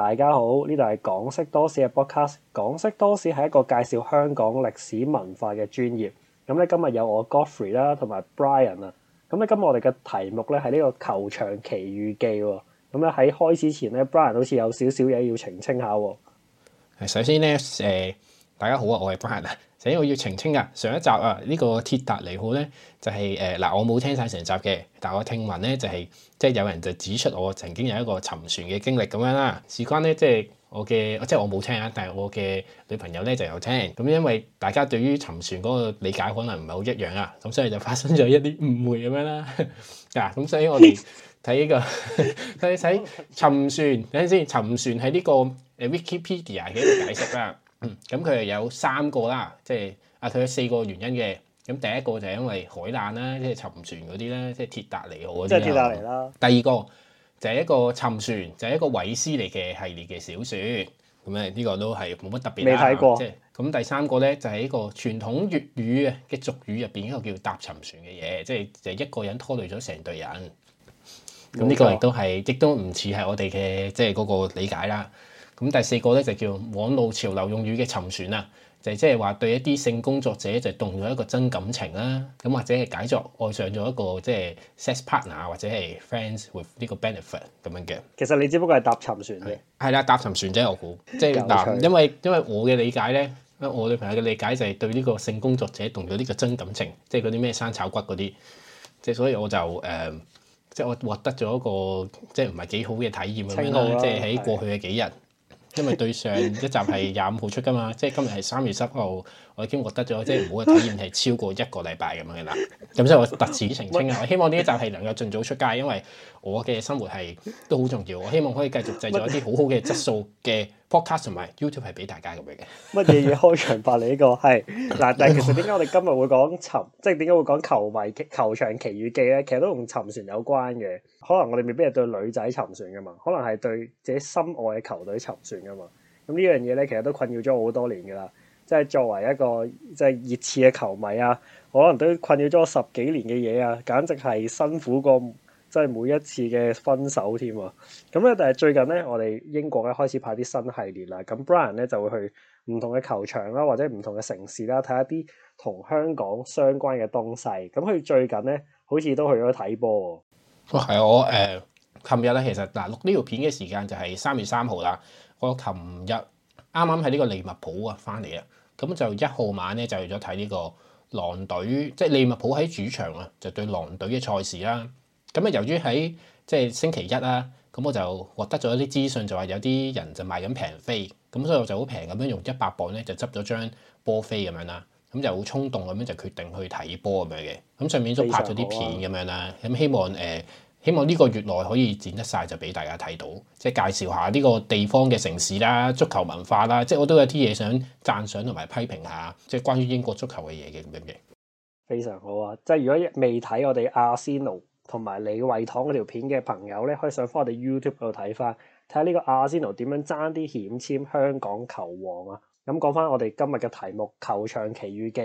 大家好，呢度係港識多史嘅 podcast。港識多史係一個介紹香港歷史文化嘅專業。咁咧今日有我 Godfrey 啦，同埋 Brian 啊。咁咧今日我哋嘅題目咧係呢個球場奇遇記。咁咧喺開始前咧，Brian 好似有少少嘢要澄清下喎。係。首先咧，誒、呃，大家好啊，我係 Brian 啊。所以我要澄清㗎，上一集啊，呢、這個鐵達尼號咧就係誒嗱，我冇聽晒成集嘅，但我聽聞咧就係、是、即係有人就指出我曾經有一個沉船嘅經歷咁樣啦，事關咧、就是、即係我嘅即係我冇聽啊，但係我嘅女朋友咧就有聽，咁因為大家對於沉船嗰個理解可能唔係好一樣啊，咁所以就發生咗一啲誤會咁樣啦，嗱、 啊，咁所以我哋睇呢個睇睇 沉船，等陣先沉船係呢個誒 Wikipedia 嘅一個解釋啦。嗯，咁佢又有三個啦，即係啊，佢有四個原因嘅。咁第一個就係因為海難啦，嗯、即係沉船嗰啲咧，即係鐵達尼號嗰啲即係鐵達尼啦。嗯、第二個就係一個沉船，就係一個韋斯尼嘅系列嘅小説。咁咧，呢個都係冇乜特別啦。未睇過。即係咁，第三個咧就係一個傳統粵語嘅俗語入邊一個叫搭沉船嘅嘢，即係就一個人拖累咗成隊人。咁呢錯個亦都係，亦都唔似係我哋嘅即係嗰個理解啦。咁第四個咧就叫網路潮流用語嘅沉船啊，就即係話對一啲性工作者就動咗一個真感情啦，咁或者係解作愛上咗一個即係 sex partner 或者係 friends with 呢個 benefit 咁樣嘅。其實你只不過係搭沉船嘅。係啦，搭沉船啫，我估即係搭， 因為因為我嘅理解咧，我女朋友嘅理解就係對呢個性工作者動咗呢個真感情，即係嗰啲咩生炒骨嗰啲，即係所以我就誒、呃，即係我獲得咗一個即係唔係幾好嘅體驗咯，即係喺過去嘅幾日。因為對上一集係廿五號出噶嘛，即係今日係三月十號。我已經覺得咗，即係唔好嘅體驗係超過一個禮拜咁樣嘅啦。咁所以，我特此澄清啊！我希望呢一集係能夠盡早出街，因為我嘅生活係都好重要。我希望可以繼續製造一啲好好嘅質素嘅 Podcast 同埋 YouTube 係俾大家咁樣嘅。乜嘢嘢開場白嚟？呢、這個係嗱，但係其實點解我哋今日會講尋，即係點解會講球迷球場奇遇記咧？其實都同尋船有關嘅。可能我哋未必係對女仔尋船噶嘛，可能係對自己心愛嘅球隊尋船噶嘛。咁呢樣嘢咧，其實都困擾咗我好多年噶啦。即係作為一個即係熱刺嘅球迷啊，可能都困擾咗我十幾年嘅嘢啊，簡直係辛苦過即係每一次嘅分手添啊！咁咧，但係最近咧，我哋英國咧開始派啲新系列啦。咁 Brian 咧就會去唔同嘅球場啦，或者唔同嘅城市啦，睇一啲同香港相關嘅東西。咁佢最近咧好似都去咗睇波喎。係我誒，琴日咧其實嗱錄呢條片嘅時間就係三月三號啦。我琴日啱啱喺呢個利物浦啊翻嚟啊。咁就一號晚咧就去咗睇呢個狼隊，即係利物浦喺主場啊，就對狼隊嘅賽事啦。咁啊，由於喺即係星期一啦，咁我就獲得咗一啲資訊，就話有啲人就賣緊平飛，咁所以我就好平咁樣用一百磅咧就執咗張波飛咁樣啦。咁就好衝動咁樣就決定去睇波咁樣嘅。咁上面都拍咗啲片咁樣啦。咁希望誒。呃希望呢個月內可以剪得晒，就俾大家睇到，即係介紹下呢個地方嘅城市啦、足球文化啦，即係我都有啲嘢想讚賞同埋批評下，即係關於英國足球嘅嘢嘅，咁樣嘅？非常好啊！即係如果未睇我哋阿仙奴同埋李惠堂嗰條片嘅朋友咧，可以上翻我哋 YouTube 度睇翻，睇下呢個阿仙奴點樣爭啲險簽香港球王啊！咁講翻我哋今日嘅題目《球場奇遇記》，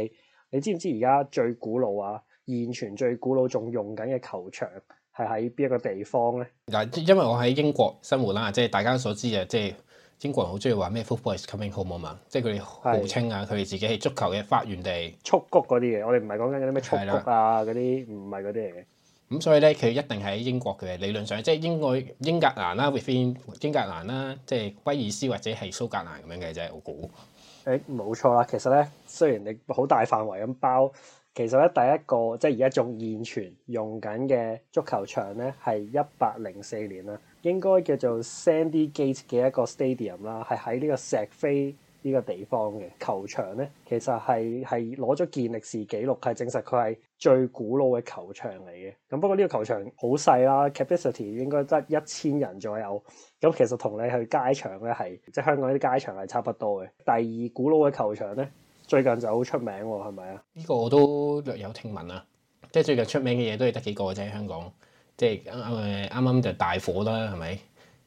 你知唔知而家最古老啊、現存最古老仲用緊嘅球場？係喺邊一個地方咧？嗱，因為我喺英國生活啦，即係大家所知啊，即係英國人好中意話咩 football is coming home 啊嘛，即係佢哋號稱啊，佢哋自己係足球嘅發源地。蹴鞠嗰啲嘢，我哋唔係講緊啲咩蹴鞠啊，嗰啲唔係嗰啲嘢。咁所以咧，佢一定喺英國嘅。理論上，即係英愛、英格蘭啦，within 英格蘭啦，即係威爾斯或者係蘇格蘭咁樣嘅啫。我估誒，冇錯啦。其實咧，雖然你好大範圍咁包。其實咧，第一個即係而家仲現存用緊嘅足球場咧，係一百零四年啦，應該叫做 Sandygate 嘅一個 stadium 啦，係喺呢個石飛呢個地方嘅球場咧，其實係係攞咗健力士紀錄，係證實佢係最古老嘅球場嚟嘅。咁不過呢個球場好細啦，capacity 應該得一千人左右。咁其實同你去街場咧係，即係香港啲街場係差不多嘅。第二古老嘅球場咧。最近就好出名喎，係咪啊？呢個我都略有聽聞啦，即係最近出名嘅嘢都係得幾個啫。香港即係啱啱就大火啦，係咪？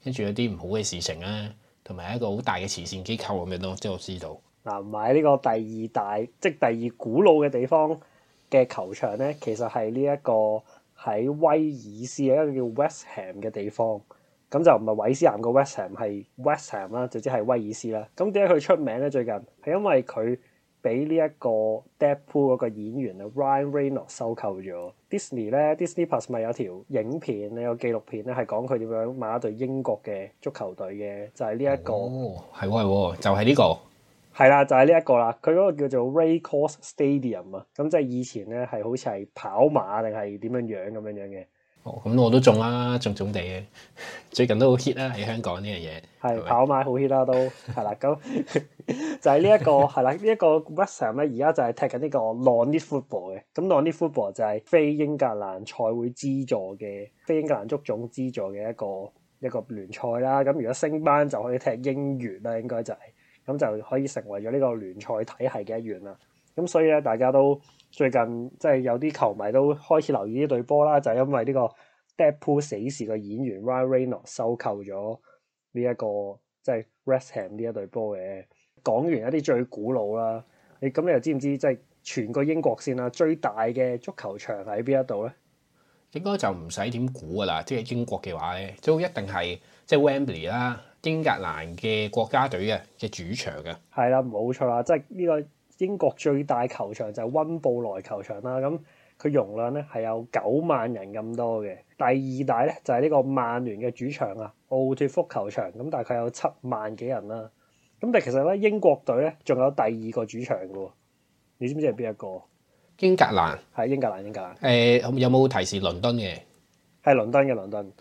跟住有啲唔好嘅事情啦，同埋一個好大嘅慈善機構咁樣咯，即係我知道。嗱，啊，買呢個第二大，即係第二古老嘅地方嘅球場咧，其實係呢一個喺威爾斯嘅一個叫 West Ham 嘅地方。咁就唔係韋斯咸個 West Ham 係 West Ham 啦，總之係威爾斯啦。咁點解佢出名咧？最近係因為佢。俾呢一個 Deadpool 嗰個演員啊 Ryan Reynolds 收購咗 Disney 咧，Disney Plus 咪有條影片，你有紀錄片咧，係講佢點樣買一隊英國嘅足球隊嘅，就係呢一個。哦，係喎係喎，就係呢個。係啦，就係呢一個啦。佢嗰個叫做 Racecourse Stadium 啊，咁即係以前咧係好似係跑馬定係點樣樣咁樣樣嘅。哦，咁我都中啦，中中地嘅，最近都好 hit 啦喺香港呢樣嘢，係跑馬好 hit 啦都，係啦，咁就喺呢一個係啦，呢一個 West Ham 咧，而家就係踢緊呢個 Non-Elite Football 嘅，咁 Non-Elite Football 就係非英格蘭賽會資助嘅，非英格蘭足總資助嘅一個一個聯賽啦，咁如果升班就可以踢英乙啦，應該就係、是，咁就可以成為咗呢個聯賽體系嘅一員啦，咁所以咧大家都。最近即係有啲球迷都開始留意呢隊波啦，就係、是、因為呢個 Deadpool 死侍嘅演員 Ryan Reynolds 收購咗呢一個即係 Wrexham 呢一隊波嘅。講完一啲最古老啦，你咁你又知唔知即係全個英國先啦、啊，最大嘅足球場喺邊一度咧？應該就唔使點估噶啦，即係英國嘅話咧，都一定係即係 Wembley 啦，英格蘭嘅國家隊嘅嘅主場嘅。係啦，冇錯啦，即係呢、這個。英國最大球場就係溫布萊球場啦，咁佢容量咧係有九萬人咁多嘅。第二大咧就係呢個曼聯嘅主場啊，奧脫福球場咁，大概有七萬幾人啦。咁但其實咧，英國隊咧仲有第二個主場嘅，你知唔知係邊一個？英格蘭係英格蘭，英格蘭誒、欸、有冇提示倫敦嘅？係倫敦嘅，倫敦。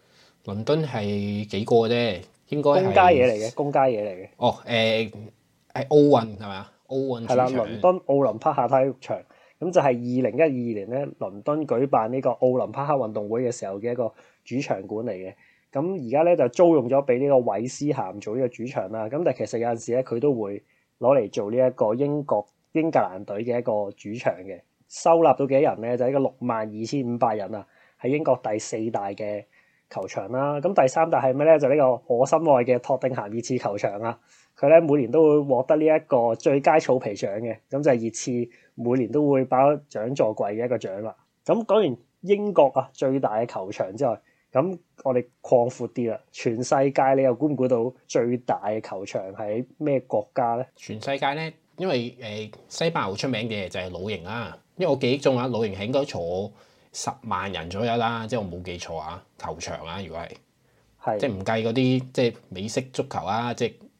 倫敦係幾個啫？應該公家嘢嚟嘅，公家嘢嚟嘅。哦，誒、欸、係奧運係咪？係啦，倫敦奧林匹克體育場，咁就係二零一二年咧，倫敦舉辦呢個奧林匹克運動會嘅時候嘅一個主場館嚟嘅。咁而家咧就租用咗俾呢個韋斯咸做呢個主場啦。咁但係其實有陣時咧，佢都會攞嚟做呢一個英國英格蘭隊嘅一個主場嘅。收納到幾多人咧？就係呢個六萬二千五百人啊，係英國第四大嘅球場啦。咁第三大係咩咧？就係呢個我心愛嘅托定咸熱刺球場啊。佢咧每年都會獲得呢一個最佳草皮獎嘅，咁就係熱刺每年都會擺獎座櫃嘅一個獎啦。咁講完英國啊最大嘅球場之後，咁我哋擴闊啲啦，全世界你又估唔估到最大嘅球場喺咩國家咧？全世界咧，因為誒、呃、西班牙好出名嘅就係魯營啦、啊，因為我記憶中啊，魯營係應該坐十萬人左右啦，即係我冇記錯啊，球場啊，如果係是，即係唔計嗰啲即係美式足球啊，即係。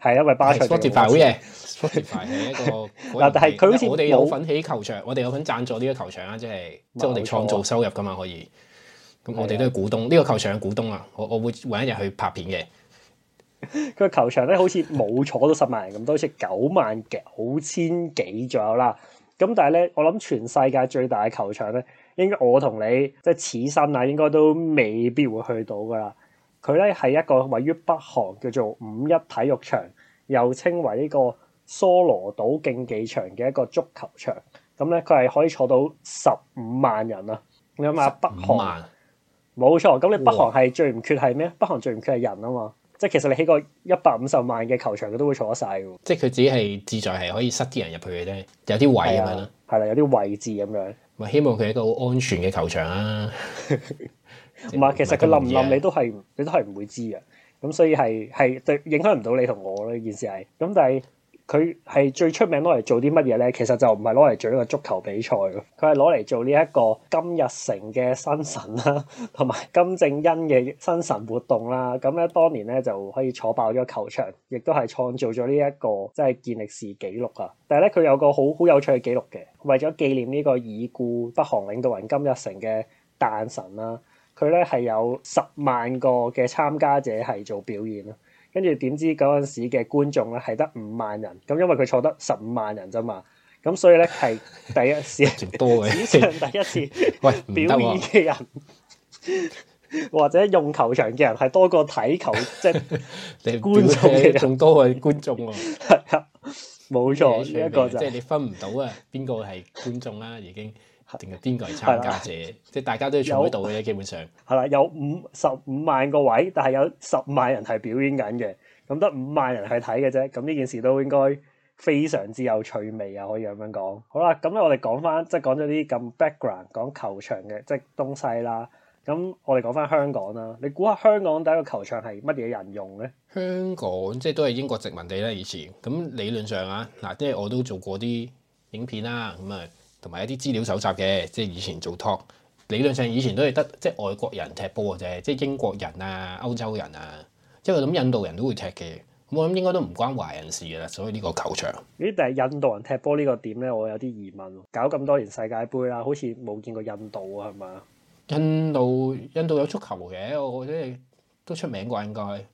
係 因為巴塞嘅。Sportsify 係一個嗱， 但係佢好似 我哋有份起球場，我哋有份贊助呢個球場啊，即係即係我哋創造收入噶嘛，可以。咁我哋都係股東，呢、這個球場股東啊，我我會搵一日去拍片嘅。個 球場咧好似冇坐到十萬人咁， 多好似九萬九千幾左右啦。咁但係咧，我諗全世界最大嘅球場咧，應該我同你即係此生啊，應該都未必會去到噶啦。佢咧係一個位於北韓叫做五一體育場，又稱為呢個蘇羅島競技場嘅一個足球場。咁咧佢係可以坐到十五萬人啊！你諗下北韓，冇錯。咁你北韓係最唔缺係咩？哇北韓最唔缺係人啊嘛！即係其實你起個一百五十萬嘅球場，佢都會坐得晒嘅。即係佢只係志在係可以塞啲人入去嘅啫，有啲位咁樣咯，係啦，有啲位置咁樣。咪希望佢係一個好安全嘅球場啊！ 唔係，其實佢冧唔冧，你都係你都係唔會知嘅。咁所以係係對影響唔到你同我咯。呢件事係咁，但係佢係最出名攞嚟做啲乜嘢咧？其實就唔係攞嚟做一個足球比賽。佢係攞嚟做呢一個金日成嘅生辰啦，同埋金正恩嘅生辰活動啦。咁咧，當年咧就可以坐爆咗球場，亦都係創造咗呢一個即係健力士紀錄啊。但係咧，佢有個好好有趣嘅記錄嘅，為咗紀念呢個已故北韓領導人金日成嘅誕辰啦。佢咧係有十萬個嘅參加者係做表演咯，跟住點知嗰陣時嘅觀眾咧係得五萬人，咁因為佢坐得十五萬人啫嘛，咁所以咧係第一次，多史上第一次 喂表演嘅人，啊、或者用球場嘅人係多過睇球 即係觀眾嘅仲多過觀眾啊，冇 錯呢名一個就即係你分唔到啊，邊個係觀眾啦已經。定係邊個係參加者？的即係大家都係坐喺度嘅啫，有基本上係啦，有五十五萬個位，但係有十萬人係表演緊嘅，咁得五萬人係睇嘅啫。咁呢件事都應該非常之有趣味啊！可以咁樣講。好啦，咁咧我哋講翻即係講咗啲咁 background 講球場嘅即係東西啦。咁我哋講翻香港啦，你估下香港第一個球場係乜嘢人用咧？香港即係都係英國殖民地啦，以前咁理論上啊，嗱，即係我都做過啲影片啦，咁啊。同埋一啲資料搜集嘅，即係以前做 talk，理論上以前都係得即係外國人踢波嘅啫，即係英國人啊、歐洲人啊，即係我諗印度人都會踢嘅，我諗應該都唔關華人事嘅啦。所以呢個球場咦，但係印度人踢波呢個點咧，我有啲疑問。搞咁多年世界盃啦，好似冇見過印度啊，係嘛？印度印度有足球嘅，我覺得都出名啩應該，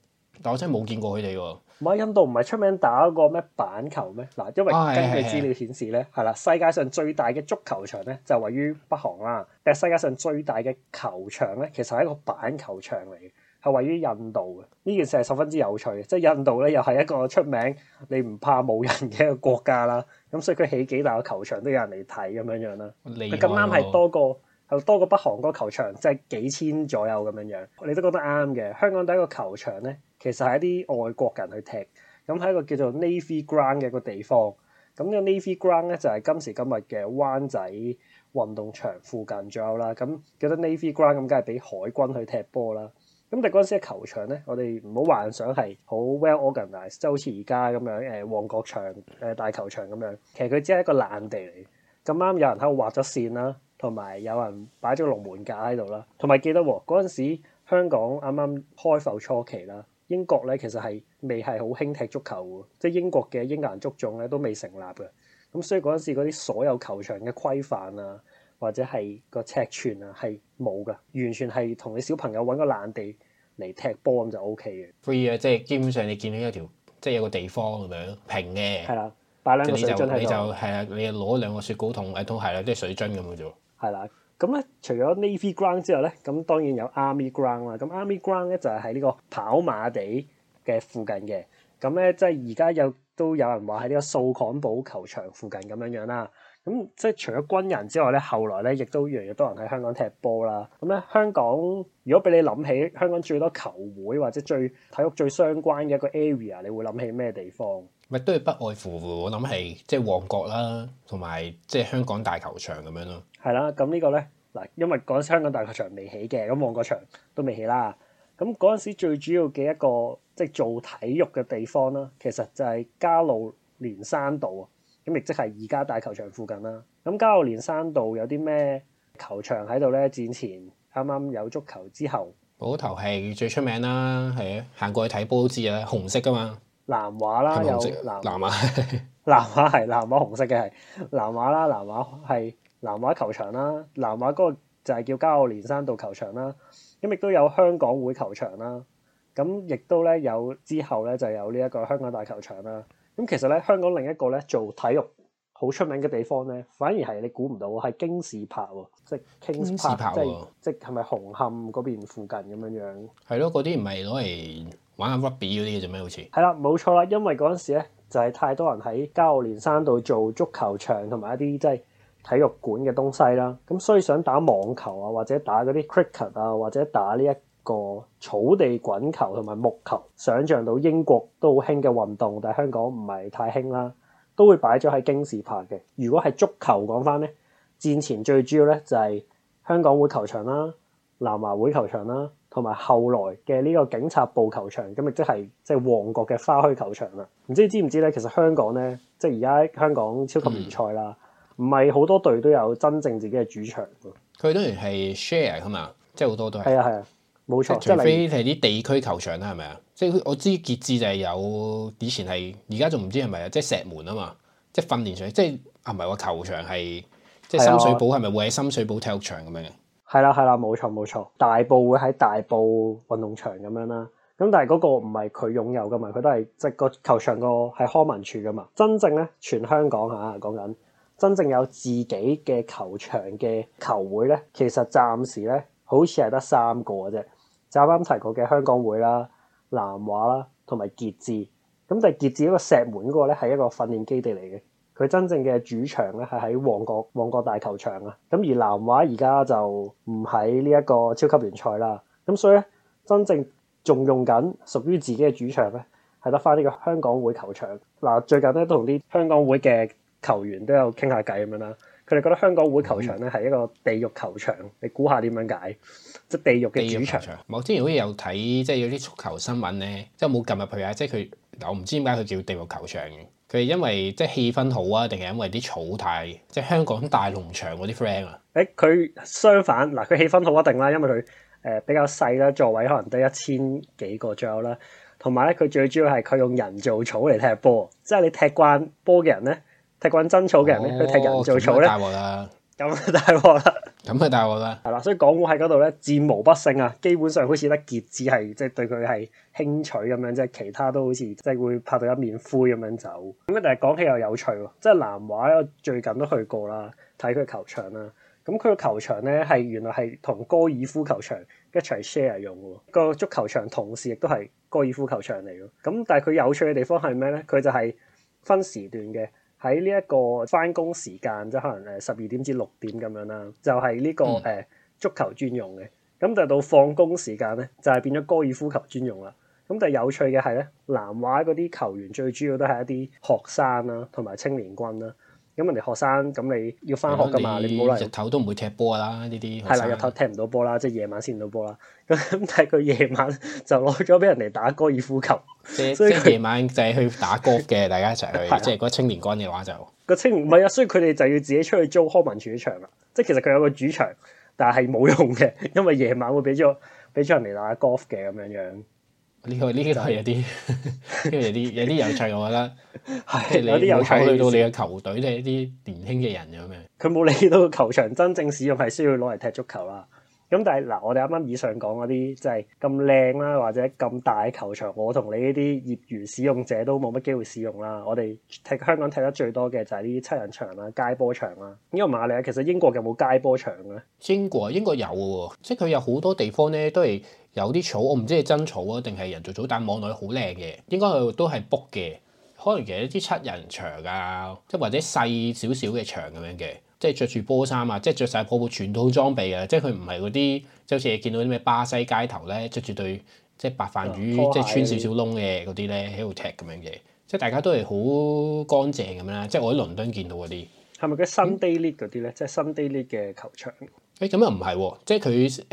但我真係冇見過佢哋喎。唔係印度唔係出名打個咩板球咩？嗱，因為根據資料顯示咧，係啦、哦，是是是世界上最大嘅足球場咧就位於北韓啦，但係世界上最大嘅球場咧其實係一個板球場嚟嘅，係位於印度嘅。呢件事係十分之有趣嘅，即係印度咧又係一個出名你唔怕冇人嘅一個國家啦。咁所以佢起幾大個球場都有人嚟睇咁樣樣啦。佢咁啱係多個係多個北韓嗰個球場，即係幾千左右咁樣樣，你都覺得啱嘅。香港第一個球場咧。其實係一啲外國人去踢，咁喺一個叫做 Navy Ground 嘅一個地方。咁呢個 Navy Ground 咧就係今時今日嘅灣仔運動場附近左右啦。咁記得 Navy Ground 咁梗係俾海軍去踢波啦。咁但嗰陣時嘅球場咧，我哋唔好幻想係好 well organized，即係好似而家咁樣誒、eh, 旺角場誒、eh, 大球場咁樣。其實佢只係一個爛地嚟。咁啱有人喺度畫咗線啦，同埋有，有人擺咗個龍門架喺度啦，同埋記得嗰陣時香港啱啱開埠初期啦。英國咧其實係未係好興踢足球嘅，即係英國嘅英格蘭足總咧都未成立嘅，咁所以嗰陣時嗰啲所有球場嘅規範啊，或者係個尺寸啊，係冇嘅，完全係同你小朋友揾個爛地嚟踢波咁就 O K 嘅。Free 啊，即係基本上你見到一條即係有個地方咁樣平嘅，係啦，擺兩水樽，你就你就係啊，你攞兩個雪糕筒誒都係啦，啲水樽咁嘅啫，係啦。咁咧，除咗 Navy Ground 之外咧，咁當然有 Army Ground 啦。咁 Army Ground 咧就係喺呢個跑馬地嘅附近嘅。咁咧，即係而家有都有人話喺呢個掃桿埔球場附近咁樣樣啦。咁即係除咗軍人之外咧，後來咧亦都越嚟越多人喺香港踢波啦。咁咧，香港如果俾你諗起香港最多球會或者最體育最相關嘅一個 area，你會諗起咩地方？咪都係不外乎，我諗係即係旺角啦，同埋即係香港大球場咁樣咯。係啦，咁呢個咧嗱，因為嗰陣時香港大球場未起嘅，咁旺角場都未起啦。咁嗰陣時最主要嘅一個即係做體育嘅地方啦，其實就係加路連山道啊。咁亦即係而家大球場附近啦。咁加路連山道有啲咩球場喺度咧？戰前啱啱有足球之後，嗰頭係最出名啦，係行過去睇波都知啦，紅色噶嘛。南華啦，有南南華，南華南華紅色嘅係南華啦，南華係南華球場啦，南華嗰個就係叫加路連山道球場啦，咁亦都有香港會球場啦，咁亦都咧有之後咧就有呢一個香港大球場啦。咁其實咧香港另一個咧做體育好出名嘅地方咧，反而係你估唔到，係京士柏喎，即係京士柏，即係即係是咪紅磡嗰邊附近咁樣樣？係咯，嗰啲唔係攞嚟。玩下 Rugby 嗰啲嘢做咩？好似係啦，冇錯啦。因為嗰陣時咧就係太多人喺加路連山道做足球場同埋一啲即係體育館嘅東西啦。咁所以想打網球啊，或者打嗰啲 Cricket 啊，或者打呢一個草地滾球同埋木球，想象到英國都好興嘅運動，但係香港唔係太興啦，都會擺咗喺京士柏嘅。如果係足球講翻咧，戰前最主要咧就係香港會球場啦、南華會球場啦。同埋後來嘅呢個警察部球場，咁亦即係即係旺角嘅花墟球場啦。唔知知唔知咧？其實香港咧，即係而家香港超級聯賽啦，唔係好多隊都有真正自己嘅主場。佢當然係 share 噶嘛，即係好多都係。係啊係啊，冇錯。除非係啲地區球場啦，係咪啊？即係我知傑志就係有以前係，而家仲唔知係咪啊？即係石門啊嘛，即係訓練場，即係啊唔係話球場係，即係深水埗係咪會喺深水埗體育場咁樣？係啦，係啦，冇錯冇錯，大埔會喺大埔運動場咁樣啦。咁但係嗰個唔係佢擁有噶嘛，佢都係即係個球場個係康文署噶嘛。真正咧，全香港嚇講緊真正有自己嘅球場嘅球會咧，其實暫時咧好似係得三個嘅啫。就啱啱提過嘅香港會啦、南華啦，同埋傑志。咁但係傑志一個石門嗰個咧係一個訓練基地嚟嘅。佢真正嘅主場咧係喺旺角，旺角大球場啊，咁而南華而家就唔喺呢一個超級聯賽啦，咁所以咧真正仲用緊屬於自己嘅主場咧係得翻呢個香港會球場。嗱，最近咧都同啲香港會嘅球員都有傾下偈咁樣啦，佢哋覺得香港會球場咧係一個地獄球場，嗯、你估下點樣解？即係地獄嘅主場。我之前好似有睇即係有啲足球新聞咧，即係冇撳入去啊！即係佢我唔知點解佢叫地獄球場嘅。佢係因為即係氣氛好啊，定係因為啲草太即係香港大農場嗰啲 friend 啊？誒，佢相反嗱，佢氣氛好一定啦，因為佢誒比較細啦，座位可能得一千幾個張啦，同埋咧佢最主要係佢用人造草嚟踢波，即係你踢慣波嘅人咧，踢慣真草嘅人咧，佢、哦、去踢人造草咧。咁大鑊啦！咁啊大鑊啦！係啦，所以港股喺嗰度咧戰無不勝啊，基本上好似得傑志係即係對佢係輕取咁樣啫，其他都好似即係會拍到一面灰咁樣走。咁啊，但係講起又有趣，即係南華咧我最近都去過啦，睇佢球場啦。咁佢個球場咧係原來係同高爾夫球場一齊 share 用嘅，個足球場同時亦都係高爾夫球場嚟咯。咁但係佢有趣嘅地方係咩咧？佢就係分時段嘅。喺呢一個返工時間，即係可能誒十二點至六點咁樣啦，就係、是、呢個誒足球專用嘅。咁就、嗯、到放工時間咧，就係、是、變咗高爾夫球專用啦。咁就有趣嘅係咧，南華嗰啲球員最主要都係一啲學生啦、啊，同埋青年軍啦、啊。咁人哋學生咁你要翻學噶嘛？你好日頭都唔會踢波噶啦，呢啲學生日頭踢唔到波啦，即係夜晚先唔到波啦。咁但係佢夜晚就攞咗俾人哋打高爾夫球。是所以佢夜晚就係去打 golf 嘅。大家一齊去， 的即係嗰青年軍嘅話就個青唔係啊，所以佢哋就要自己出去租康文處場啦。即係其實佢有個主場，但係冇用嘅，因為夜晚會俾咗俾咗人哋打 golf 嘅咁樣樣。呢、這個呢、這個係有啲，跟住 有啲有啲有趣，我覺得係 是你冇考慮到你嘅球隊咧係一啲年輕嘅人咁樣，佢冇理到球場真正使用係需要攞嚟踢足球啦。咁但係嗱，我哋啱啱以上講嗰啲即係咁靚啦，或者咁大球場，我同你呢啲業餘使用者都冇乜機會使用啦。我哋踢香港踢得最多嘅就係呢啲七人場啦、街波場啦。因為馬來，其實英國有冇街波場咧？英國英國有喎，即係佢有好多地方咧都係。有啲草，我唔知係真草啊，定係人造草，但望落去好靚嘅，應該都係 book 嘅。可能其實一啲七人場啊，即係或者細少少嘅場咁樣嘅，即係着住波衫啊，即係着晒跑步全套裝備啊。即係佢唔係嗰啲，即係好似你見到啲咩巴西街頭咧，着住對即係白飯魚，鞋即係穿少少窿嘅嗰啲咧喺度踢咁樣嘅，即係大家都係好乾淨咁樣啦。即係我喺倫敦見到嗰啲，係咪啲 Sunday league 嗰啲咧？嗯、即係 Sunday league 嘅球場。誒咁又唔係喎，即係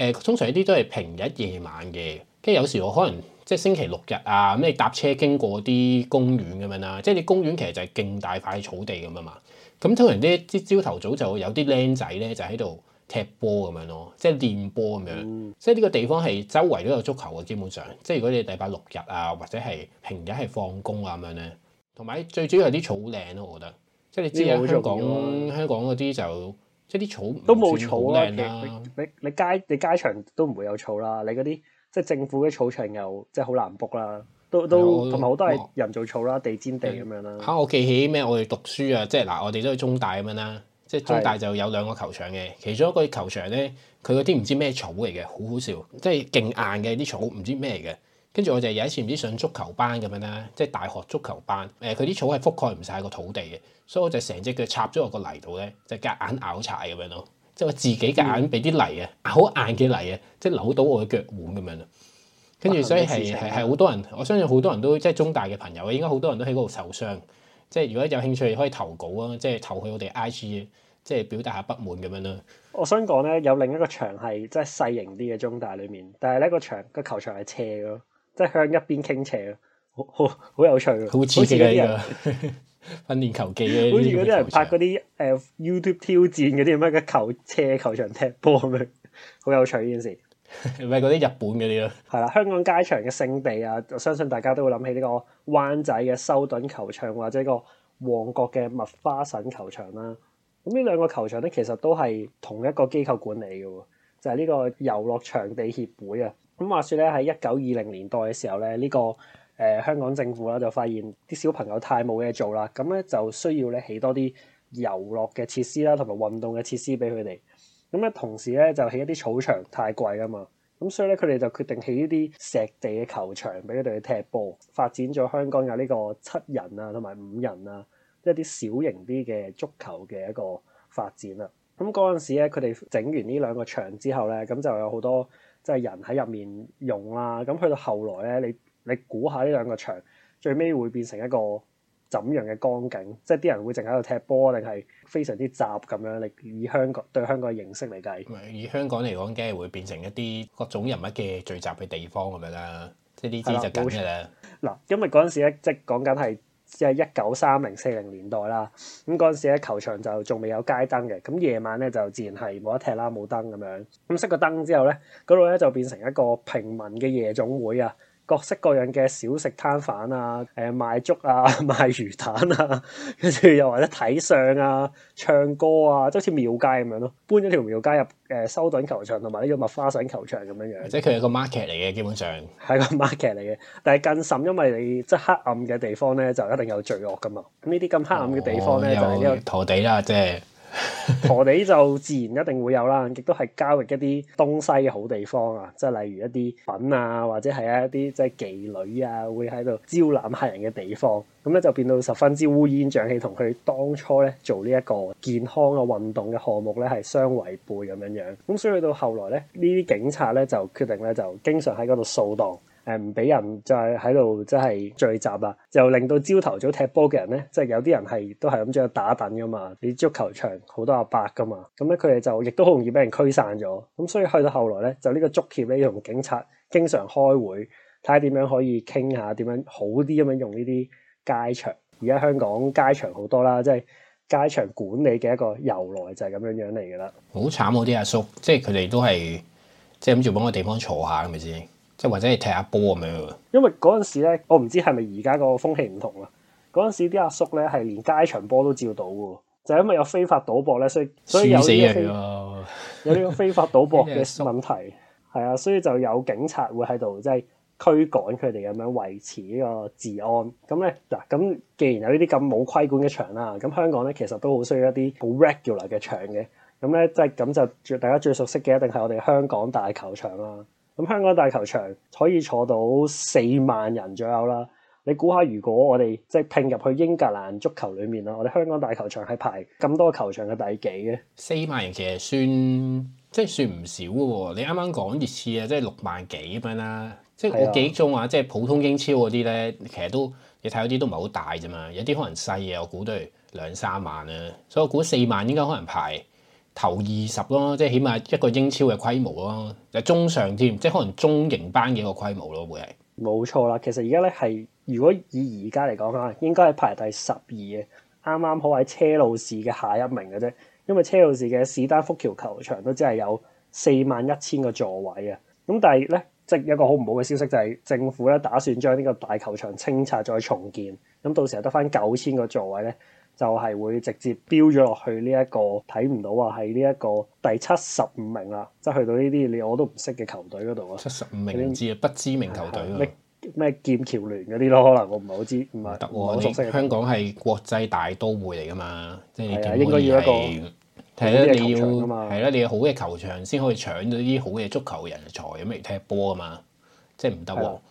佢誒通常一啲都係平日夜晚嘅，跟住有時我可能即係星期六日啊，咁、嗯、你搭車經過啲公園咁樣啦，即係你公園其實就係勁大塊草地咁啊嘛，咁通常啲朝朝頭早就有啲僆仔咧就喺度踢波咁樣咯，即係練波咁樣，即係呢、嗯、個地方係周圍都有足球嘅基本上，即係如果你禮拜六日啊，或者係平日係放工啊咁樣咧，同埋最主要係啲草靚咯、啊，我覺得，即係你知香港香港嗰啲就。即係啲草，都冇草啦、啊。你你街你街場都唔會有草啦。你嗰啲即係政府嘅草場又即係好難卜啦。都都同埋好多係人造草啦，地氈地咁樣啦。嚇、啊！我記起咩？我哋讀書啊，即係嗱，我哋都去中大咁樣啦。即係中大就有兩個球場嘅，其中一個球場咧，佢嗰啲唔知咩草嚟嘅，好好笑，即係勁硬嘅啲草，唔知咩嚟嘅。跟住我就有一次唔知上足球班咁樣啦，即、就、係、是、大學足球班。誒、呃，佢啲草係覆蓋唔晒個土地嘅，所以我就成隻腳插咗我個泥度咧，就夾硬咬柴咁樣咯。即係我自己夾硬俾啲泥啊，好、嗯、硬嘅泥啊，即係扭到我嘅腳腕咁樣咯。跟住所以係係係好多人，我相信好多人都、嗯、即係中大嘅朋友，應該好多人都喺嗰度受傷。即係如果有興趣可以投稿啊，即係投去我哋 I G，即係表達下不滿咁樣咯。我想講咧，有另一個場係即係細型啲嘅中大裏面，但係咧個場個球場係斜咯。即係向一邊傾斜，好好好有趣。好刺激啊！這個、 訓練球技咧， 好似嗰啲人拍嗰啲誒 YouTube 挑戰嗰啲咁樣嘅球車球場踢波咁樣， 好有趣呢件事。唔係嗰啲日本嗰啲咯。係啦， 香港街場嘅勝地啊，我相信大家都會諗起呢個灣仔嘅修頓球場，或者個旺角嘅麥花臣球場啦。咁呢兩個球場咧，其實都係同一個機構管理嘅，就係、是、呢個遊樂場地協會啊。咁話說咧，喺一九二零年代嘅時候咧，呢、這個誒、呃、香港政府啦就發現啲小朋友太冇嘢做啦，咁咧就需要咧起多啲遊樂嘅設施啦，同埋運動嘅設施俾佢哋。咁咧同時咧就起一啲草場太貴㗎嘛，咁所以咧佢哋就決定起呢啲石地嘅球場俾佢哋踢波，發展咗香港有呢個七人啊，同埋五人啊，即係啲小型啲嘅足球嘅一個發展啦。咁嗰陣時咧，佢哋整完呢兩個場之後咧，咁就有好多。即係人喺入面用啦、啊，咁去到後來咧，你你估下呢兩個場最尾會變成一個怎樣嘅光景？即係啲人會淨喺度踢波，定係非常之雜咁樣？你以香港對香港嘅認識嚟計，以香港嚟講，梗係會變成一啲各種人物嘅聚集嘅地方咁樣啦。即係呢啲就緊嘅啦。嗱，因為嗰陣時咧，即係講緊係。即係一九三零、四零年代啦，咁嗰陣時咧，球場就仲未有街燈嘅，咁夜晚咧就自然係冇得踢啦，冇燈咁樣。咁熄個燈之後咧，嗰度咧就變成一個平民嘅夜總會啊！各式各樣嘅小食攤販啊，誒、呃、賣粥啊，賣魚蛋啊，跟住又或者睇相啊、唱歌啊，即好似廟街咁樣咯。搬咗條廟街入誒、呃、修頓球場同埋呢個麥花臣球場咁樣樣，即係佢係個 market 嚟嘅，基本上係個 market 嚟嘅。但係更甚，因為你即係黑暗嘅地方咧，就一定有罪惡噶嘛。咁呢啲咁黑暗嘅地方咧，哦、就係呢、呢個陀地啦，即係。陀地就自然一定會有啦，亦都係交易一啲東西嘅好地方啊，即係例如一啲品啊，或者係一啲即係妓女啊，會喺度招攬客人嘅地方，咁咧就變到十分之烏煙瘴氣，同佢當初咧做呢一個健康嘅運動嘅項目咧係相違背咁樣樣，咁所以到後來咧呢啲警察咧就決定咧就經常喺嗰度掃蕩。誒，唔俾人就係喺度，即係聚集啦，就令到朝頭早踢波嘅人咧，即係有啲人係都係咁在打等噶嘛，啲足球場好多阿伯噶嘛，咁咧佢哋就亦都好容易俾人驅散咗，咁所以去到後來咧，就呢個足協咧同警察經常開會，睇下點樣可以傾下點樣好啲咁樣用呢啲街場。而家香港街場好多啦，即係街場管理嘅一個由來就係咁樣樣嚟嘅啦。好慘嗰啲阿叔，即係佢哋都係即係諗住揾個地方坐下，係咪先？即係或者係踢下波咁樣，因為嗰陣時咧，我唔知係咪而家個風氣唔同啦。嗰陣時啲阿叔咧係連街場波都照賭，就係、係、因為有非法賭博咧，所以所以有呢個死人 有呢個非法賭博嘅問題，係啊，所以就有警察會喺度即係驅趕佢哋咁樣維持呢個治安。咁咧嗱，咁既然有呢啲咁冇規管嘅場啦，咁香港咧其實都好需要一啲好 regular 嘅場嘅。咁咧即係咁就係、大家最熟悉嘅一定係我哋香港大球場啦。咁香港大球場可以坐到四萬人左右啦。你估下，如果我哋即係拼入去英格蘭足球裏面啦，我哋香港大球場係排咁多球場嘅第幾咧？四萬人其實算即係算唔少嘅喎、啊。你啱啱講熱刺啊，即係六萬幾咁樣啦。即係我記憶中啊，即係對普通英超嗰啲咧，其實都你睇嗰啲都唔係好大啫嘛。有啲可能細嘅，我估都係兩三萬啊。所以我估四萬應該可能排。頭二十咯，即係起碼一個英超嘅規模咯，就係中上添，即係可能中型班嘅一個規模咯，會係。冇錯啦，其實而家咧係，如果以而家嚟講嚇，應該係排第十二嘅，啱啱好喺車路士嘅下一名嘅啫。因為車路士嘅史丹福橋球場都只係有四萬一千個座位啊。咁但係咧，即係一個好唔好嘅消息就係政府咧打算將呢個大球場清拆再重建，咁到時候得返九千個座位咧。就係會直接飆咗落去呢、這、一個睇唔到啊，喺呢一個第七十五名啦，即係去到呢啲你我都唔識嘅球隊嗰度啊。七十五名唔知啊，些不知名球隊嗰咩、啊、劍橋聯嗰啲咯，可能我唔係好知，唔係好熟悉。香港係國際大都會嚟㗎嘛，即係點講嚟係？係啦、啊，要你要係啦、啊，你有好嘅球場先可以搶到啲好嘅足球人才咁嚟踢波啊嘛，即係唔得喎。啊、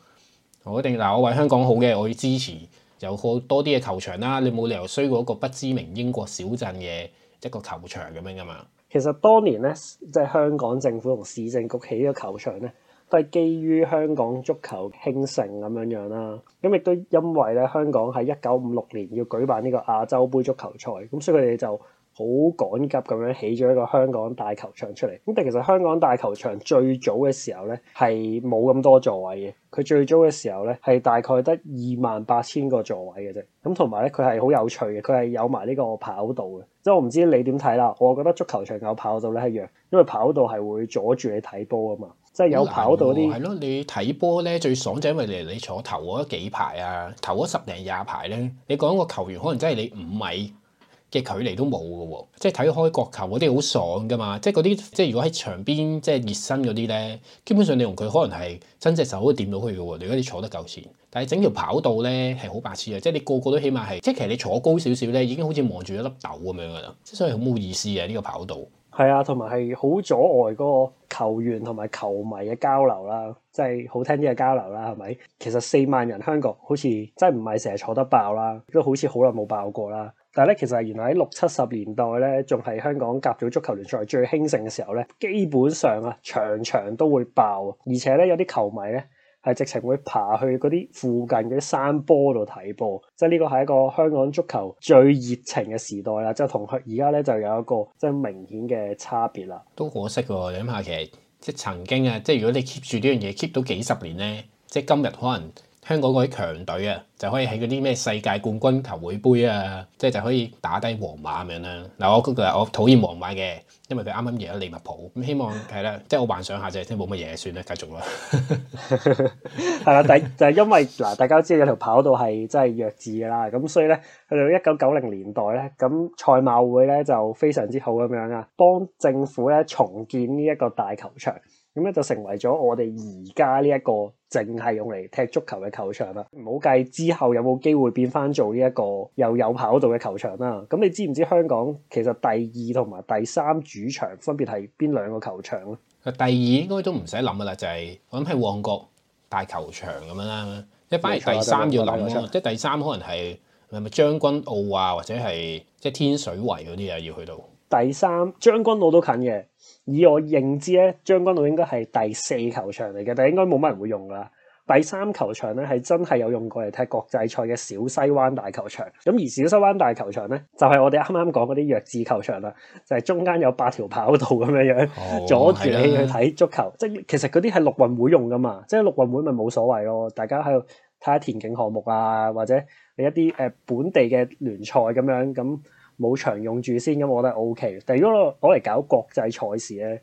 我一定嗱，我為香港好嘅，我要支持。有好多啲嘅球場啦，你冇理由衰過一個不知名英國小鎮嘅一個球場咁樣㗎嘛？其實當年咧，即係香港政府同市政局起呢個球場咧，都係基於香港足球興盛咁樣樣啦。咁亦都因為咧，香港喺一九五六年要舉辦呢個亞洲杯足球賽，咁所以佢哋就，好趕急咁樣起咗一個香港大球場出嚟，咁但其實香港大球場最早嘅時候咧係冇咁多座位嘅，佢最早嘅時候咧係大概得二萬八千個座位嘅啫，咁同埋咧佢係好有趣嘅，佢係有埋呢個跑道嘅，即係我唔知你點睇啦，我覺得足球場有跑道咧係弱，因為跑道係會阻住你睇波啊嘛，即係有跑道啲係咯，你睇波咧最爽就因為你你坐頭嗰幾排啊，頭嗰十零廿排咧，你講個球員可能真係你五米，嘅距離都冇嘅喎，即係睇開國球嗰啲好爽噶嘛，即係嗰啲即係如果喺場邊即係熱身嗰啲咧，基本上你同佢可能係伸隻手都掂到佢嘅喎。如果你坐得夠前，但係整條跑道咧係好白痴啊！即係你個個都起碼係，即係其實你坐高少少咧，已經好似望住一粒豆咁樣噶啦，即係所以好冇意思啊！呢個跑道係啊，同埋係好阻礙嗰個球員同埋球迷嘅交流啦，即係好聽啲嘅交流啦，係咪？其實四萬人香港好似真係唔係成日坐得爆啦，都好似好耐冇爆過啦。但係咧，其實原來喺六七十年代咧，仲係香港甲組足球聯賽最興盛嘅時候咧，基本上啊，場場都會爆，啊。而且咧，有啲球迷咧係直情會爬去嗰啲附近嘅山坡度睇波，即係呢個係一個香港足球最熱情嘅時代啦，就同佢而家咧就有一個即係明顯嘅差別啦。都可惜嘅，你諗下其實即係曾經啊，即係如果你 keep 住呢樣嘢 keep 到幾十年咧，即係今日可能。香港嗰啲強隊啊，就可以喺嗰啲咩世界冠軍球會杯啊，即係就可以打低皇馬咁樣啦。嗱，我嘅我討厭皇馬嘅，因為佢啱啱贏咗利物浦。咁希望係啦，即係我幻想下即就先，冇乜嘢算啦，繼續啦。係啦，第就係因為嗱，大家知道有條跑道係真係弱智㗎啦。咁所以咧，去到一九九零年代咧，咁賽馬會咧就非常之好咁樣啊，幫政府咧重建呢一個大球場。咁咧就成為咗我哋而家呢一個淨係用嚟踢足球嘅球場啦。唔好計之後有冇機會變翻做呢一個又有跑道嘅球場啦。咁你知唔知香港其實第二同埋第三主場分別係邊兩個球場咧？第二應該都唔使諗噶啦，就係、是、我諗係旺角大球場咁樣啦。即係反而第三要諗啊，即係第三可能係係咪將軍澳啊，或者係即係天水圍嗰啲啊要去到。第三將軍澳都近嘅。以我認知咧，將軍澳應該係第四球場嚟嘅，但係應該冇乜人會用啦。第三球場咧，係真係有用過嚟踢國際賽嘅小西灣大球場。咁而小西灣大球場咧，就係、是、我哋啱啱講嗰啲弱智球場啦，就係、是、中間有八條跑道咁樣樣，阻住你去睇足球。哦啊、即係其實嗰啲係陸運會用噶嘛，即係陸運會咪冇所謂咯，大家喺度睇下田徑項目啊，或者你一啲誒本地嘅聯賽咁樣咁。冇場用住先，咁我覺得 OK。但係如果攞嚟搞國際賽事咧，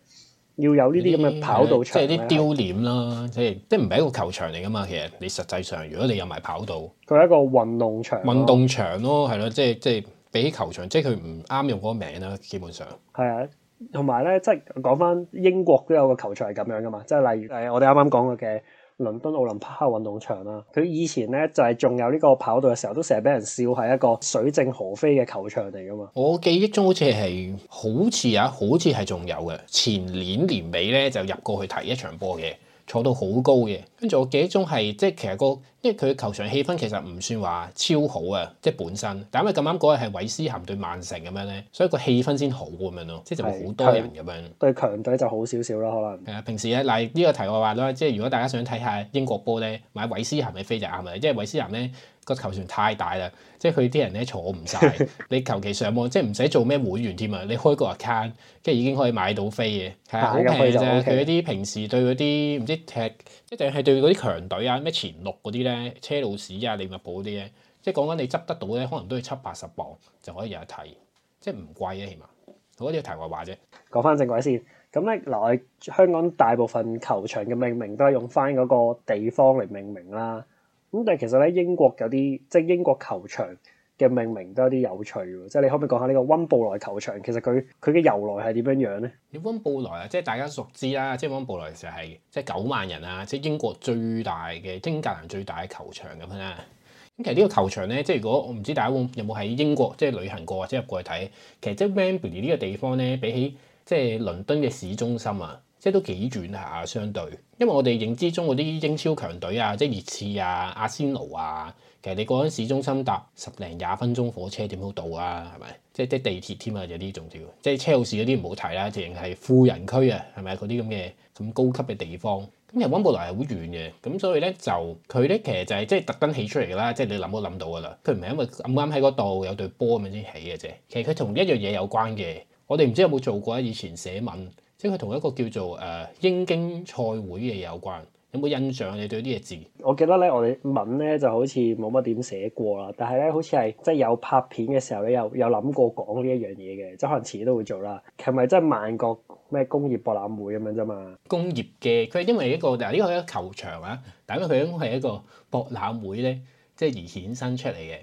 要有呢啲咁嘅跑道場，即係啲丟臉啦，即係即係唔係一個球場嚟噶嘛。其實你實際上，如果你有埋跑道，佢係一個運動場，運動場咯，係咯，即係即係比起球場，即係佢唔啱用嗰個名啦，基本上係啊。同埋咧，即係講翻英國都有個球場係咁樣噶嘛，即係例如誒，我哋啱啱講過嘅。倫敦奧林匹克運動場啦，佢以前咧就係仲有呢個跑道嘅時候，都成日俾人笑係一個水靜河飛嘅球場嚟㗎嘛。我記憶中好似係好似啊，好似係仲有嘅，前年年尾咧就入過去睇一場波嘅。坐到好高嘅，跟住我記憶中係即係其實個，因為佢球場氣氛其實唔算話超好啊，即係本身。但係因為咁啱嗰日係韋斯咸對曼城咁樣咧，所以個氣氛先好咁是樣咯，即係就會好多人咁樣。對強隊就好少少咯，可能。係啊，平時咧，嗱呢個題外話啦，即係如果大家想睇下英國波咧，買韋斯咸嘅飛就啱啦，因為韋斯咸咧。個球場太大啦，即係佢啲人咧坐唔晒。 你求其上網，即係唔使做咩會員添啊！你開個 account，即係已經可以買到飛嘅，的的好平啫。佢啲平時對嗰啲唔知踢，即係定係對嗰啲強隊啊，咩前六嗰啲咧，車路士啊、利物浦啲咧，即係講緊你執得到咧，可能都要七八十磅就可以有得睇，即係唔貴啊，起碼好似題外話啫。講翻正軌先，咁咧，嗱，香港大部分球場嘅命名都係用翻嗰個地方嚟命名啦。咁但係其實咧，英國有啲即係英國球場嘅命名都有啲有趣喎。即係你可唔可以講下呢個温布萊球場？其實佢佢嘅由來係點樣樣咧？你温布萊啊，即係大家熟知啦，即係温布萊就係即係九萬人啊，即係英國最大嘅英格蘭最大嘅球場咁啦。咁其實呢個球場咧，即係如果我唔知大家有冇喺英國即係旅行過或者入過去睇，其實即係 Wembley 呢個地方咧，比起即係倫敦嘅市中心啊。即都幾遠啊！相對啊，因為我哋認知中嗰啲英超強隊啊，即係熱刺啊、阿仙奴啊，其實你過緊市中心搭十零廿分鐘火車點都到啊，係咪？即係即係地鐵添啊，有啲仲要。即係車路士嗰啲唔好睇啦，直情係富人區啊，係咪？嗰啲咁嘅咁高級嘅地方。咁其實溫布萊係好遠嘅，咁所以咧就佢咧其實就係即係特登起出嚟啦，即係你諗都諗到噶啦。佢唔係因為啱啱喺嗰度有隊波咁先起嘅啫。其實佢同一樣嘢有關嘅。我哋唔知有冇做過以前寫文。即係佢同一個叫做誒英京賽會嘅有關，有冇印象你對呢個字？我記得咧，我哋文咧就好似冇乜點寫過啦。但係咧，好似係即係有拍片嘅時候咧，有又諗過講呢一樣嘢嘅，即係可能遲啲都會做啦。係咪即係萬國咩工業博覽會咁樣啫嘛？工業嘅佢係因為一個嗱，呢個係一個球場啊，但係佢應該係一個博覽會咧，即係而衍生出嚟嘅，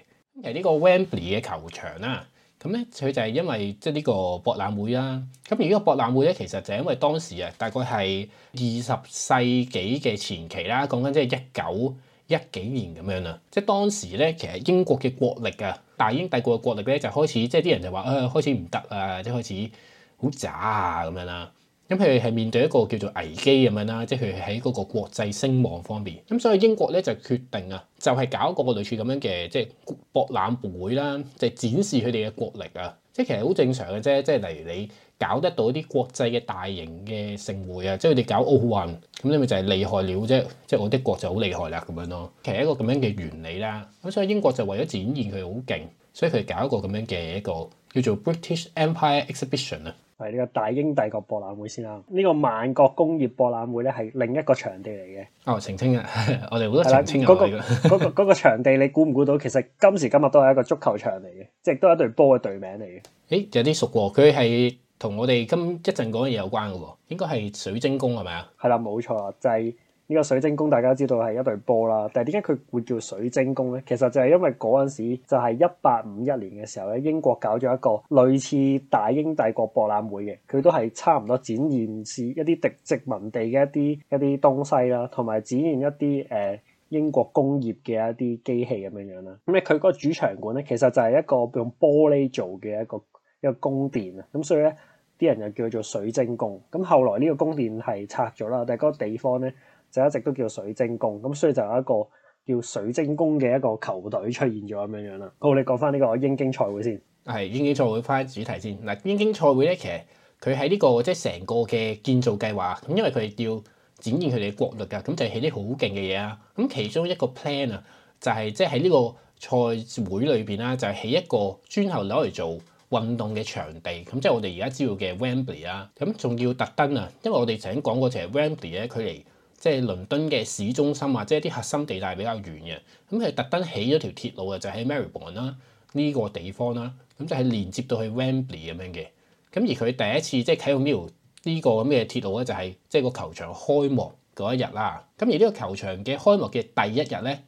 其實呢個 Wembley 嘅球場啦。咁咧，佢就係因為即係呢個博覽會啦。咁而呢個博覽會咧，其實就係因為當時啊，大概係二十世紀嘅前期啦，講緊即係一九一幾年咁樣啦。即係當時咧，其實英國嘅國力啊，大英帝國嘅國力咧，就開始即係啲人就話啊、呃，開始唔得啊，即係開始好渣啊咁樣啦。咁佢係面對一個叫做危機咁樣啦，即係佢喺嗰個國際聲望方面。咁所以英國咧就決定啊，就係搞一個類似咁樣嘅即係博覽會啦，就係展示佢哋嘅國力啊。即係其實好正常嘅啫，即係例如你搞得到啲國際嘅大型嘅盛會啊，即係佢哋搞奧運，咁你咪就係厲害了啫。即係我的國就好厲害啦咁樣咯。其實一個咁樣嘅原理啦。咁所以英國就為咗展現佢好勁，所以佢搞一個咁樣嘅一個叫做 British Empire Exhibition 啦。係呢個大英帝國博覽會先啦，呢、這個萬國工業博覽會咧係另一個場地嚟嘅。哦，澄清啊， 我哋好多澄清嗰、那個嗰、 那個、那個那個場地你估唔估到？其實今時今日都係一個足球場嚟嘅，即係都係一隊波嘅隊名嚟嘅。誒、欸，有啲熟喎，佢係同我哋今一陣講嘅嘢有關嘅喎，應該係水晶宮係咪啊？係啦，冇錯就係、是。呢個水晶宮，大家都知道係一隊波啦。但係點解佢會叫水晶宮咧？其實就係因為嗰陣時就係一八五一年嘅時候咧，英國搞咗一個類似大英帝國博覽會嘅，佢都係差唔多展現一啲殖民地嘅一啲一啲東西啦，同埋展現一啲誒、呃、英國工業嘅一啲機器咁樣樣啦。咁、嗯、咧，佢嗰個主場館咧，其實就係一個用玻璃做嘅一個一個宮殿啊。咁所以咧，啲人又叫做水晶宮。咁後來呢個宮殿係拆咗啦，但係嗰個地方咧，就一直都叫水晶宮，咁所以就有一個叫水晶宮嘅一個球隊出現咗咁樣樣啦。好，我哋講翻呢個英京賽會先。係英京賽會翻主題先。嗱，英京賽會咧，其實佢喺呢個即係成個嘅建造計劃，咁因為佢要展現佢哋嘅國力㗎，咁就起啲好勁嘅嘢啊。咁其中一個 plan 啊，就係即係喺呢個賽會裏邊啦，就係起一個磚頭攞嚟做運動嘅場地。咁即係我哋而家知道嘅 Wembley 啊。咁仲要特登啊，因為我哋曾經講過其實 Wembley 咧，佢嚟，即係倫敦嘅市中心或者一啲核心地帶比較遠嘅，咁佢特登起咗條鐵路啊，就喺 Marylebone 啦呢個地方啦，咁、嗯、就係、是、連接到去 Wembley 咁樣嘅。咁而佢第一次即係啟用呢、這個咩、這個、鐵路咧，就係即係個球場開幕嗰一日啦。咁而呢個球場嘅開幕嘅第一日咧，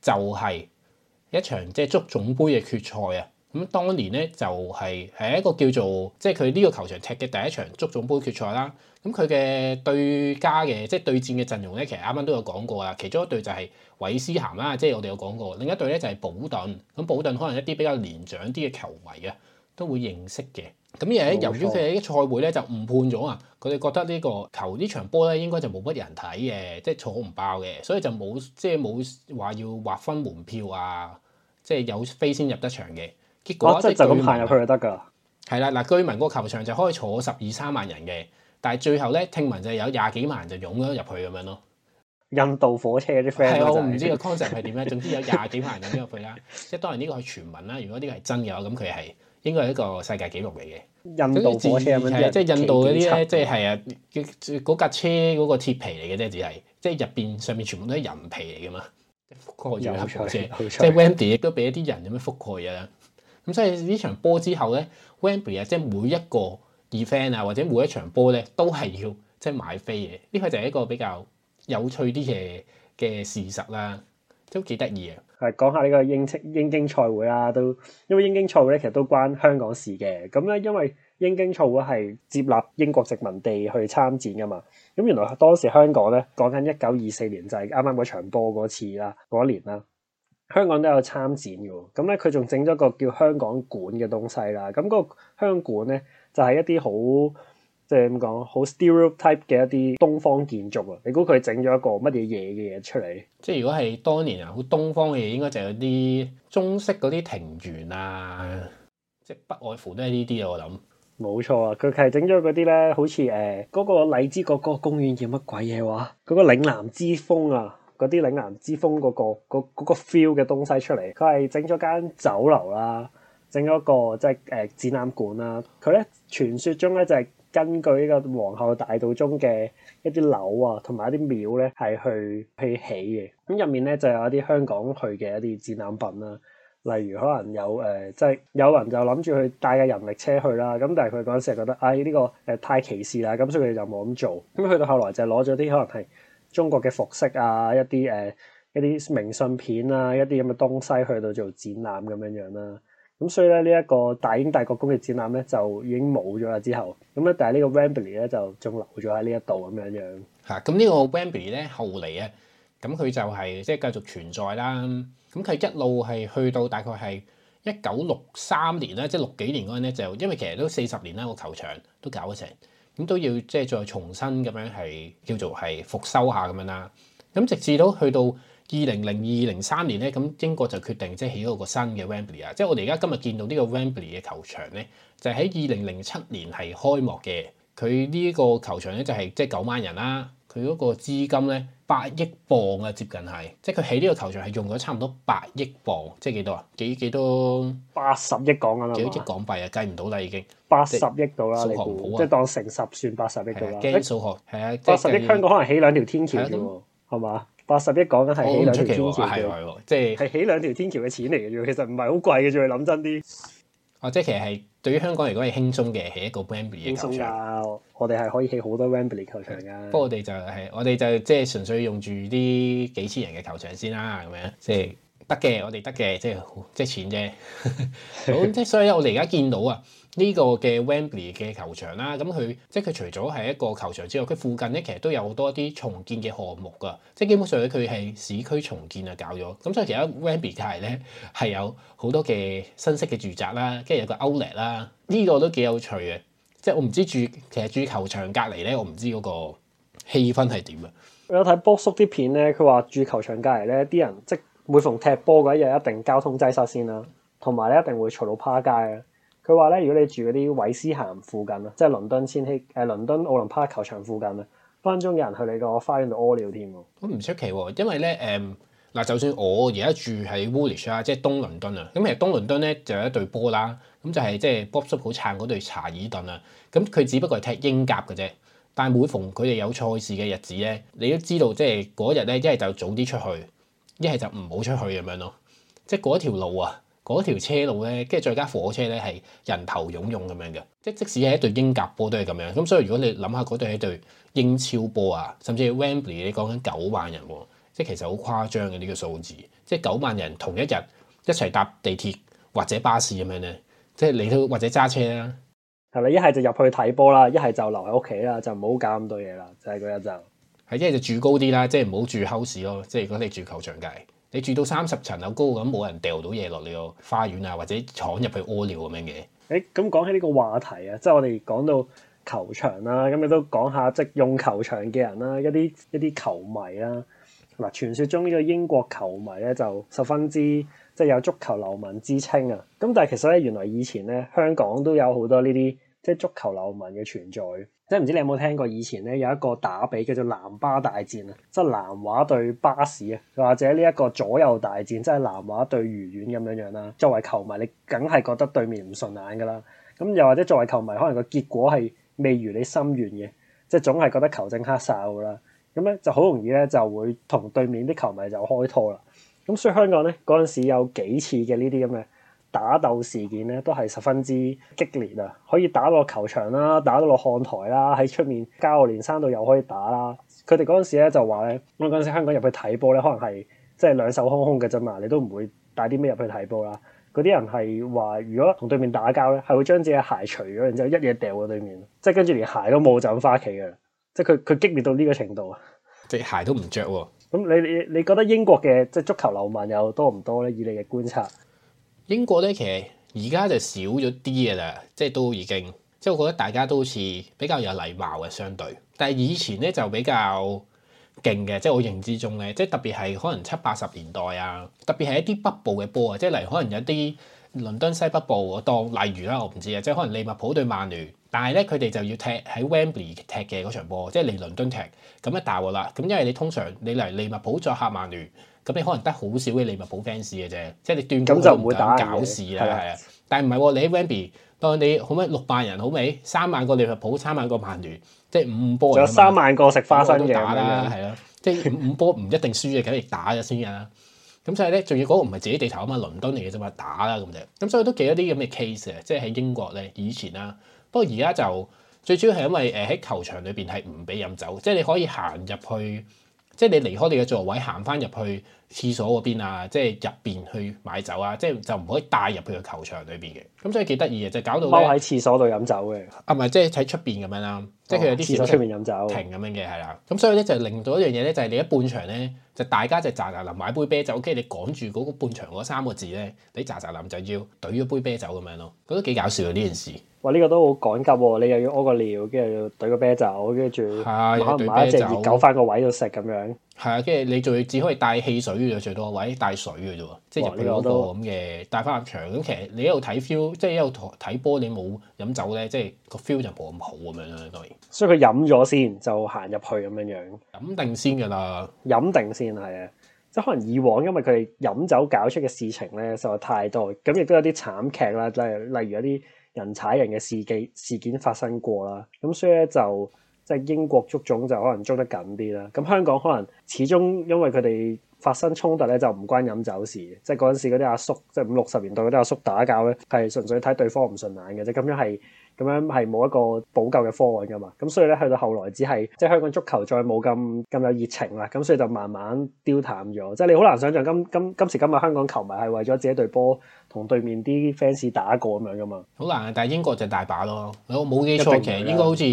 就係、是、一場即係足總杯嘅決賽啊。咁、嗯、當年咧就係、是、係一個叫做即係佢呢個球場踢嘅第一場足總杯決賽啦。咁佢嘅對家嘅即係對戰嘅陣容咧，其實啱啱都有講過啊。其中一隊就係韋斯咸啦，即係我哋有講過。另一隊咧就係保頓。咁保頓可能一啲比較年長啲嘅球迷啊，都會認識嘅。咁而由於佢哋喺賽會咧就誤判咗啊，佢哋覺得呢個球呢場波咧應該就冇乜人睇嘅，即係坐唔爆嘅，所以就冇即係冇話要劃分門票啊，即係有飛先入得場嘅。結果、哦、即係就咁行入去就得噶。係啦，嗱，居民嗰個球場就可以坐十二三萬人嘅。但係最後咧，聽聞就係有廿幾萬人就湧咗入去咁樣咯。印度火車啲 friend，係我唔知個 concept 係點咧。總之有廿幾萬人入咗入去啦。即係當然呢個係傳聞啦。如果呢個係真嘅話，咁佢係應該係一個世界紀錄嚟嘅。印度火車咁樣即係印度嗰啲咧，即係係啊，嗰架車嗰個鐵皮嚟嘅啫，只係即係入邊上面全部都係人皮嚟噶嘛，即覆蓋咗，架車。即係 Wembley 亦都俾一啲人咁樣覆蓋啊。咁所以呢場波之後咧，Wembley 啊，y, 即係每一個 event 啊或者每一場波咧都係要即係買飛嘅，呢個就係一個比較有趣啲嘅嘅事實啦，都幾得意啊！係講下呢個英英京賽會啦，都因為英京賽會咧其實都關香港事嘅。咁咧因為英京賽會係接納英國殖民地去參展噶嘛，咁原來當時香港咧講緊一九二四年就係啱啱嗰場波嗰次啦，嗰年啦，香港都有參展嘅。咁咧佢仲整咗個叫香港館嘅東西啦，咁、那、嗰個香港館咧。就係一啲好即係點講，好 stereotype 嘅一啲東方建築啊！你估佢整咗一個乜嘢嘢嘅嘢出嚟？即係如果係當年啊，好東方嘅嘢應該就有啲中式嗰啲庭園啊，即係不外乎都係呢啲啊！我諗冇錯啊！佢係整咗嗰啲咧，好似誒嗰個荔枝角嗰個公園叫乜鬼嘢、啊、話？嗰、嗰個嶺南之風啊，嗰啲嶺南之風嗰、嗰個嗰、嗰個、那個、feel 嘅東西出嚟，佢係整咗間酒樓啦、啊。整嗰個即係誒、呃、展覽館啦，佢咧傳說中咧就係、是、根據呢個皇后大道中嘅一啲樓啊，同埋一啲廟咧係去起起嘅。咁入面咧就有一啲香港去嘅一啲展覽品啦，例如可能有誒、呃、即係有人就諗住去帶嘅人力車去啦，咁但係佢嗰陣時係覺得誒呢、哎這個誒太歧視啦，咁所以佢哋就冇咁做。咁去到後來就攞咗啲可能係中國嘅服飾啊，一啲誒、呃、一啲明信片啊，一啲咁嘅東西去到做展覽咁樣樣啦。咁所以咧，呢一個大英帝國工業展覽咧就已經冇咗啦。之後咁咧，但係呢個 Wembley 咧就仲留咗喺呢一度咁樣樣。係咁呢個 Wembley 咧後嚟啊，咁佢就係即係繼續存在啦。咁佢一路係去到大概係一九六三年啦，即係六幾年嗰陣咧，就是、因為其實都四十年啦，個球場都搞咗成咁都要即係再重新咁樣係叫做係復修下咁樣啦。咁直至到去到。二零零二零三年咧，咁英國就決定即係起咗個新嘅 Wembley 啊！即係我哋而家今日見到呢個 Wembley 嘅球場咧，就喺二零零七年係開幕嘅。佢呢個球場咧就係即係九萬人啦。佢嗰個資金咧八億磅啊，接近係。即係佢起呢個球場係用咗差唔多八億磅，即係幾多啊？幾幾多？八十億港元啊？幾多億港幣啊？計唔到啦，已經八十億到啦。數學唔好啊，即係當成十算八十億到啦。驚數學！係啊你，八十、就是、億香港可能起兩條天橋啫喎，係嘛？八十億講緊係起兩條天橋喎，即係係起兩條天橋嘅錢嚟嘅啫，其實唔係好貴嘅，仲要諗真啲。哦，即係其實係對於香港嚟講係輕鬆嘅，起一個 Wembley 嘅球場。輕鬆啊！我哋係可以起好多 Wembley 球場噶。不過我哋就係我哋就即係純粹用住啲幾千人嘅球場先啦，咁樣即係得嘅，我哋得嘅，即係積錢啫。好，即係 所以咧，我哋而家見到啊。呢個嘅 Wembley 嘅球場啦，咁佢即係佢除咗係一個球場之外，佢附近咧其實都有好多啲重建嘅項目噶，即係基本上佢係市區重建啊搞咗。咁所以其實 Wembley 隔離咧係有好多嘅新式嘅住宅啦，跟住有個 Outlet 啦，呢個都幾有趣嘅。即係我唔知住其實住球場隔離咧，我唔知嗰個氣氛係點啊。有睇波叔啲片咧，佢話住球場隔離咧，啲人即每逢踢波嗰一日一定交通擠塞先啦，同埋咧一定會嘈到趴街啊。佢話咧，如果你住嗰啲維斯咸附近啦，即係倫敦千禧誒倫敦奧林匹克球場附近咧，分分鐘有人去你個花園度屙尿添。咁唔出奇喎，因為咧誒嗱，就算我而家住喺 Woolwich 啊，即係東倫敦啊，咁其實東倫敦咧就有一隊波啦，咁就係即係 Bob 好撐嗰隊查爾頓啊，咁佢只不過係踢英甲嘅啫。但係每逢佢哋有賽事嘅日子咧，你都知道即係嗰日咧，一係就早啲出去，一係就唔好出去咁樣咯，即係嗰條路啊。嗰條車路咧，跟住再加火車咧，係人頭涌湧咁樣嘅。即即使係一對英格波都係咁樣。咁所以如果你諗下嗰對係一對英超波啊，甚至係 Wembley，你講緊九萬人，即係其實好誇張嘅呢個數字。即係九萬人同一日一齊搭地鐵或者巴士咁樣咧，即係你都或者揸車啦。係咪？一係就入去睇波啦，一係就留喺屋企啦，就唔好搞咁多嘢啦。就係嗰日就係一係住高啲啦，即係唔好住 house 咯，即係如果你住球場界。你住到三十層樓高咁，冇人掉到嘢落你個花園啊，或者闖入去屙尿咁樣嘅。誒、欸，咁講起呢個話題啊，即係我哋講到球場啦，咁你都講下即係用球場嘅人啦，一啲一啲球迷啦。嗱，傳說中呢個英國球迷咧就十分之即係、就是、有足球流氓之稱啊。咁但係其實咧，原來以前咧香港都有好多呢啲即係足球流氓嘅存在。即係唔知你有冇聽過以前咧，有一個打比叫做南巴大戰啊？即係南華對巴士啊，或者呢一個左右大戰，即係南華對愉園咁樣樣啦。作為球迷，你梗係覺得對面唔順眼噶啦。咁又或者作為球迷，可能個結果係未如你心願嘅，即係總係覺得球證黑哨啦。咁咧就好容易咧就會同對面啲球迷就開拖啦。咁所以香港咧嗰陣時有幾次嘅呢啲咁嘅。打鬥事件咧都係十分之激烈啊！可以打到落球場啦，打到落看台啦，喺出面交惡連生到又可以打啦。佢哋嗰陣時咧就話咧，我嗰陣時香港入去睇波咧，可能係即係兩手空空嘅啫嘛，你都唔會帶啲咩入去睇波啦。嗰啲人係話，如果同對面打交咧，係會將自己鞋除咗，然之後一嘢掉過對面，即係跟住連鞋都冇就咁返屋企嘅。即係佢佢激烈到呢個程度啊！即對鞋都唔着喎。咁你你你覺得英國嘅即係足球流氓有多唔多咧？以你嘅觀察？英國咧，其實而家就少咗啲嘅啦，即係都已經，即係我覺得大家都好似比較有禮貌嘅相對。但係以前咧就比較勁嘅，即係我認知中咧，即係特別係可能七八十年代啊，特別係一啲北部嘅波啊，即係嚟可能有啲倫敦西北部我當例如啦，我唔知啊，即係可能利物浦對曼聯，但係咧佢哋就要踢喺 Wembley 踢嘅嗰場波，即係嚟倫敦踢，咁一大鑊啦。咁因為你通常你嚟利物浦再客曼聯。咁你可能得好少嘅利物浦 fans 嘅啫，即係你斷估就唔會打搞事啊，係啊！的但係唔係喎，你 Wembley 當你好咩六百人好未？三萬個利物浦，三萬個曼聯，即係五五波。仲有三萬個食花生打啦，係咯麼，即係五五波唔一定輸嘅，梗係打咗先噶啦。咁 所以咧，仲要嗰個唔係自己地頭啊嘛，倫敦嚟嘅啫嘛，打啦咁啫。咁所以，所以都幾多啲咁嘅 case 啊，即係喺英國咧以前啦，不過而家就最主要係因為誒喺球場裏邊係唔俾飲酒，即係你可以行入去。即係你離開你嘅座位，行翻入去廁所嗰邊啊！即係入邊去買酒啊！即係就唔可以帶入去個球場裏邊嘅。咁所以幾得意嘅，就搞到踎喺廁所度飲酒嘅。啊，唔係，即係喺出邊咁樣啦。即係佢有啲廁所出面飲酒停咁樣嘅係啦，咁所以咧就令到一樣嘢咧，就係你一半場咧就大家就咋咋林買杯啤酒，跟住你趕住嗰半場嗰三個字咧，你咋咋林就要懟咗杯啤酒咁樣咯，覺得幾搞笑啊呢件事！哇，呢個都好趕急喎，你又要屙個尿，跟住要懟個啤酒，跟住買唔買隻熱狗翻個位度食咁樣。係啊，跟住你仲要只可以帶汽水嘅最多或者，帶水嘅啫喎，即係入去嗰個咁嘅帶翻入場。咁哇其實你一度睇 feel，即係一度睇波，你冇飲酒咧，即係個 feel 就冇咁好咁樣咯。當然，所以佢飲咗先就行入去咁樣樣，飲定先㗎啦，飲定先係啊！即係可能以往因為佢哋飲酒搞出嘅事情咧實在太多，咁亦都有啲慘劇啦，例例如有啲人踩人嘅事件事件發生過啦，咁所以咧就。即係英國足總就可能捉得緊啲啦，咁香港可能始終因為佢哋發生衝突咧，就唔關飲酒事。即係嗰陣時嗰啲阿叔，即係五六十年代嗰啲阿叔打交咧，係純粹睇對方唔順眼嘅啫。咁樣係咁樣係冇一個補救嘅方案噶嘛。咁所以咧去到後來只，只係即係香港足球再冇咁咁有熱情啦。咁所以就慢慢丟淡咗。即係你好難想像今今今時今日香港球迷係為咗自己隊波同對面啲 fans 打過咁樣噶嘛？好難啊！但係英國就大把咯，冇冇基礎嘅應該好似。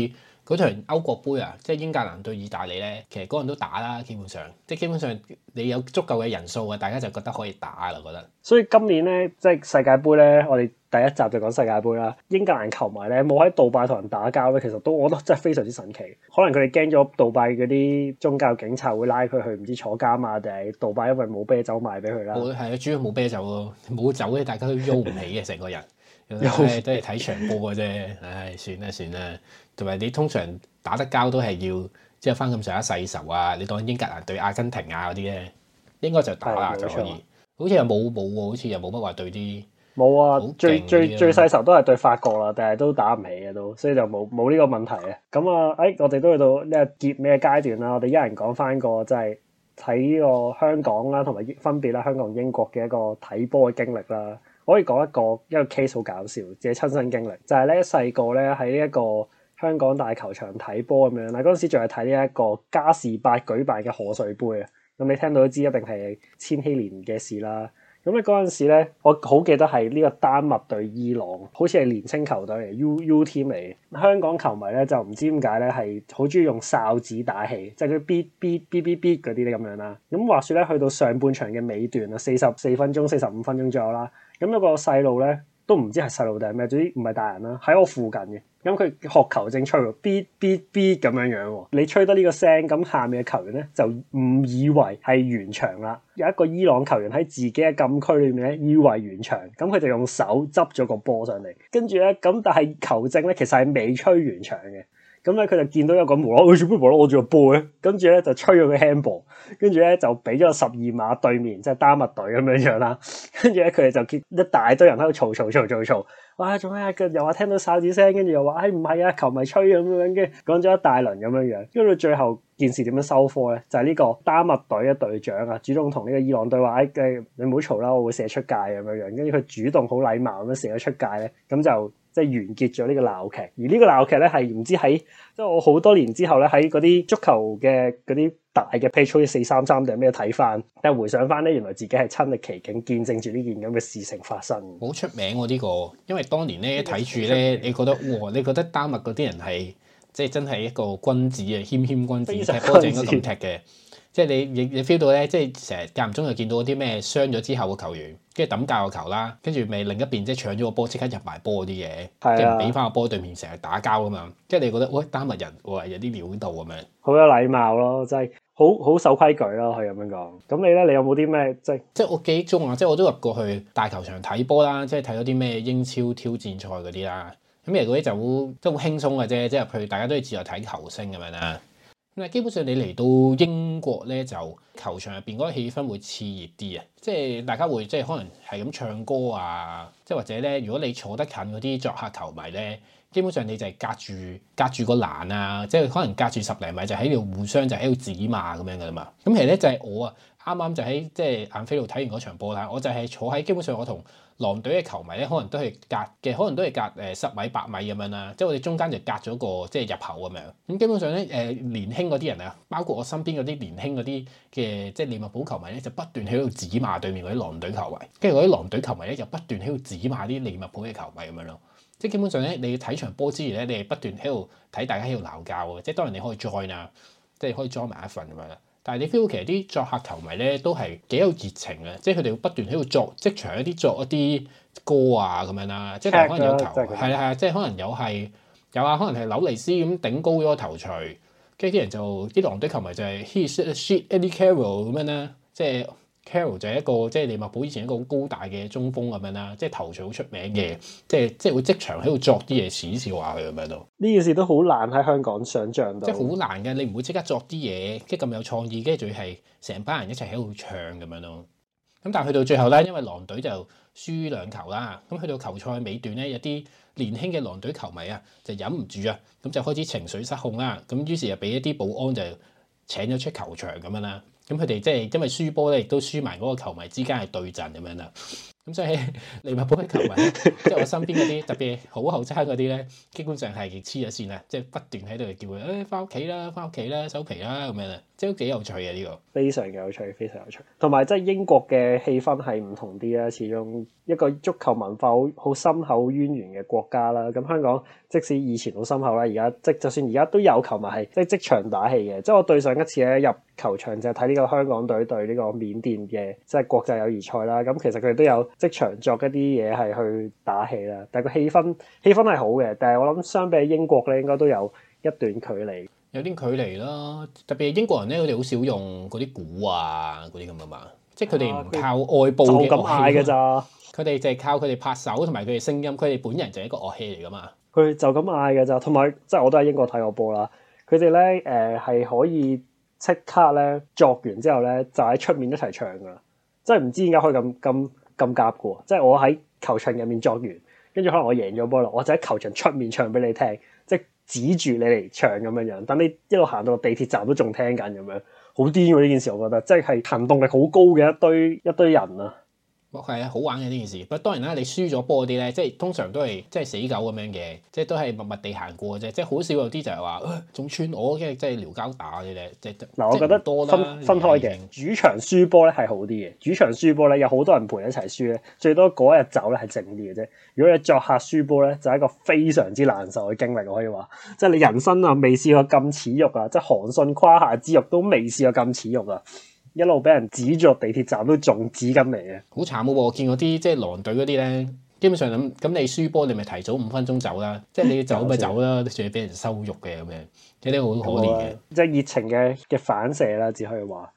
嗰場歐國杯啊，即係英格蘭對意大利咧，其實嗰陣都打啦，基本上，即係基本上你有足夠嘅人數啊，大家就覺得可以打啦，覺得。所以今年咧，即係世界盃咧，我哋第一集就講世界盃啦。英格蘭球迷咧，冇喺杜拜同人打交咧，其實都我覺得真係非常之神奇。可能佢哋驚咗杜拜嗰啲宗教警察會拉佢去唔知坐監啊，定係杜拜因為冇啤酒賣俾佢啦。係啊、哦，主要冇啤酒咯，冇酒咧，大家都喐唔起嘅成個人都、 哎。都係睇場波嘅啫。唉、哎，算啦，算啦。算同埋你通常打得交都係要，即係翻咁上下細仇啊！你當英格蘭對阿根廷啊嗰啲咧，應該就打啦的就可以。錯好似又冇冇喎，好似又冇乜話對啲冇啊！最最最細仇都係對法國啦，但係都打唔起嘅都，所以就冇冇呢個問題啊！咁啊，誒我哋都去到呢個結尾嘅階段啦，我哋一人講翻個就係睇呢個香港啦，同埋分別啦香港同英國嘅一個睇波嘅經歷啦。可以講一個一個 case 好搞笑，自己親身經歷就係咧細個咧喺呢一個香港大球場睇波咁樣啦，嗰陣時仲係睇呢一個加士伯舉辦嘅賀歲杯啊，咁你聽到都知一定係千禧年嘅事啦。咁咧嗰陣時咧，我好記得係呢個丹麥對伊朗，好似係年青球隊嚟，U U team 嚟。香港球迷咧就唔知點解咧係好中意用哨子打氣，即係佢 B B B B B 嗰啲咧咁樣啦。咁話說咧，去到上半場嘅尾段啦，四十四分鐘、四十五分鐘左右啦，咁有個細路咧。都唔知係細路定係咩，總之唔係大人啦，喺我附近嘅。咁佢學球證吹 B B B 咁樣樣，你吹得呢個聲，咁下面嘅球員咧就誤以為係完場啦。有一個伊朗球員喺自己嘅禁區裏面咧，以為完場，咁佢就用手執咗個波上嚟，跟住咧咁，但係球證咧其實係未吹完場嘅。咁咧，佢就見到有個無攞住杯，無攞住個杯，跟住咧就吹咗個 handball，跟住咧就俾咗十二碼對面，即係丹麥隊咁樣樣啦。跟住咧，佢哋就見一大堆人喺度嘈嘈嘈嘈嘈，哇！做咩啊？又話聽到哨子聲，跟住又話，哎唔係啊，球迷吹咁樣，跟住講咗一大輪咁樣樣，跟住最後件事點樣收科咧？就係呢個丹麥隊嘅隊長啊，主動同呢個伊朗對話，誒你唔好嘈啦，我會射出界咁樣樣，跟住佢主動好禮貌咁樣射咗出界咧，咁就。即係完結咗呢個鬧劇，而呢個鬧劇咧係唔知喺即係我好多年之後咧，喺嗰啲足球嘅嗰啲大嘅 page 四三三定咩睇翻，但係回想翻咧，原來自己係親歷其境，見證住呢件咁嘅事情發生。好出名喎呢個，因為當年咧一睇住咧，你覺得哇，你覺得丹麥嗰啲人係即係真係一個君子啊，謙謙君子，君子踢波就應該咁踢嘅。即係你，你你 feel 到咧，即係成日間唔中就見到啲咩傷咗之後嘅球員，跟住抌架個球啦，跟住咪另一邊馬馬的即係搶咗個波，即刻入埋波啲嘢，即係畀返個波對面成日打交啊嘛！即係你覺得喂丹麥人話有啲料度咁樣，好有禮貌咯，真係好好守規矩咯，係咁樣講。咁你咧，你有冇啲咩即係即係我幾中啊？即係我，我都入過去大球場睇波啦，即係睇咗啲咩英超挑戰賽嗰啲啦。咁其實嗰啲就好即係好輕鬆嘅啫，即係譬如大家都係自由睇球星咁樣啦。嗯。咁基本上你嚟到英國咧，就球場入邊嗰個氣氛會熾熱啲啊！即係大家會即係可能係咁唱歌啊，即係或者咧，如果你坐得近嗰啲作客球迷咧，基本上你就係隔住隔住個欄啊，即係可能隔住十釐米就喺度互相就喺度指罵咁樣噶啦嘛。咁其實咧就係我啊，啱啱就喺即係晏菲路睇完嗰場波，但我就係坐喺基本上我同狼隊嘅球迷咧，可能都係隔嘅，可能都係隔誒十米、八米咁樣啦。即係我哋中間就隔咗個即係入口咁樣。咁基本上咧，誒、呃、年輕嗰啲人啊，包括我身邊嗰啲年輕嗰啲嘅即係利物浦球迷咧，就不斷喺度指罵對面嗰啲狼隊球迷。跟住嗰啲狼隊球迷咧，就不斷喺度指罵啲利物浦嘅球迷咁樣咯。即係基本上咧，你睇場波之餘咧，你係不斷喺度睇大家喺度鬧交嘅。即係當然你可以 join 啊，即係可以 join 埋一份咁樣。但係你 feel 其實啲作客球迷咧都係幾有熱情嘅，即係佢哋會不斷喺度作即場一啲作一啲歌啊咁樣啦，即係可能有球係啦係啦，即係可能有係有啊，可能係紐尼斯咁頂高咗個頭槌，跟住啲人就啲狼隊球迷就係、是、 he shit she Eddie Carol 咁樣啦，即係。Carol 就係一個即係利物浦以前一個好高大嘅中鋒咁樣啦，即係頭鎚好出名嘅，嗯、即係即係會即場喺度作啲嘢詼笑下佢咁樣咯。呢件事都好難喺香港想像到，即係好難嘅，你唔會即刻作啲嘢，即係咁有創意，跟住仲要係成班人一齊喺度唱咁樣咯。咁但係去到最後咧，因為狼隊就輸兩球啦，咁去到球賽尾段咧，有啲年輕嘅狼隊球迷啊就忍唔住啊，咁就開始情緒失控啦，咁於是就俾一啲保安就請咗出球場咁樣啦。咁佢哋即係因為輸波咧，亦都輸埋嗰個球迷之間係對陣咁樣啦。咁所以利物浦嘅球迷， 即係我身邊嗰啲特別好後生嗰啲咧，基本上係黐咗線啦，即係不斷喺度叫佢誒翻屋企啦，翻屋企啦，收皮啦咁樣啦。即都幾有趣嘅呢個，非常有趣，非常有趣。同埋即係英國嘅氣氛係唔同啲啦，始終一個足球文化好深厚淵源嘅國家啦。咁香港即使以前好深厚啦，而家即就算而家都有球迷係即係即場打氣嘅。即係我對上一次咧入球場就睇呢個香港隊對呢個緬甸嘅即係國際友誼賽啦。咁其實佢哋都有即場作一啲嘢，係去打氣啦。但係個氣氛，氣氛係好嘅，但係我諗相比英國咧，應該都有一段距離。有啲距離啦，特別英國人咧，佢哋好少用嗰啲鼓啊嗰啲咁噶嘛，即係佢哋唔靠外部嘅樂器，就咁嗌嘅咋。佢哋就係靠佢哋拍手同埋佢哋聲音，佢哋本人就係一個樂器嚟噶嘛。佢就咁嗌嘅咋，同埋即係我都喺英國睇過波啦。佢哋咧誒係可以即刻咧作完之後咧就喺出面一齊唱㗎喇，即係唔知點解可以咁咁咁夾㗎喎。即係我喺球場入面作完，跟住可能我贏咗波啦，我就喺球場出面唱俾你聽。指住你嚟唱咁樣樣，但你一路行到地鐵站都仲聽緊咁樣，好癲喎！呢件事我覺得，即係行動力好高嘅一堆一堆人啊～係啊，好玩嘅呢件事。不過當然啦，你輸咗波啲咧，即係通常都係即係死狗咁樣嘅，即係都係默默地行過嘅啫。即係好少有啲就係話仲串我嘅，即係撩交打啲咧。即即嗱，我覺得分多啦，分開嘅。主場輸波咧係好啲嘅，主場輸波咧有好多人陪你一齊輸咧，最多嗰日走咧係靜啲嘅啫。如果你作客輸波咧，就係一個非常之難受嘅經歷，我可以話即係你人生啊，未試過咁恥辱啊！即韓信胯下之辱都未試過咁恥辱啊！一路俾人指著地鐵站都仲指緊嚟，啊！好慘，我見我啲即係狼隊嗰啲咧，基本上咁咁你輸波，你咪提早五分鐘走啦，啊，即係你要走咪走啦，啊，你仲要俾人羞辱嘅咁樣，有啲好可憐嘅、嗯。即係熱情嘅嘅反射啦，只可以話。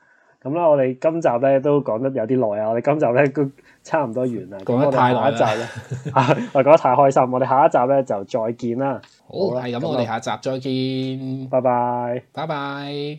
咁啦，我哋今集咧都講得有啲耐啊，我哋今集咧都差唔多完啦。講得太耐啦。啊，我 講 得太開心，我哋下一集咧就再見啦。好，係咁好，我哋下集再見，天拜拜，拜拜。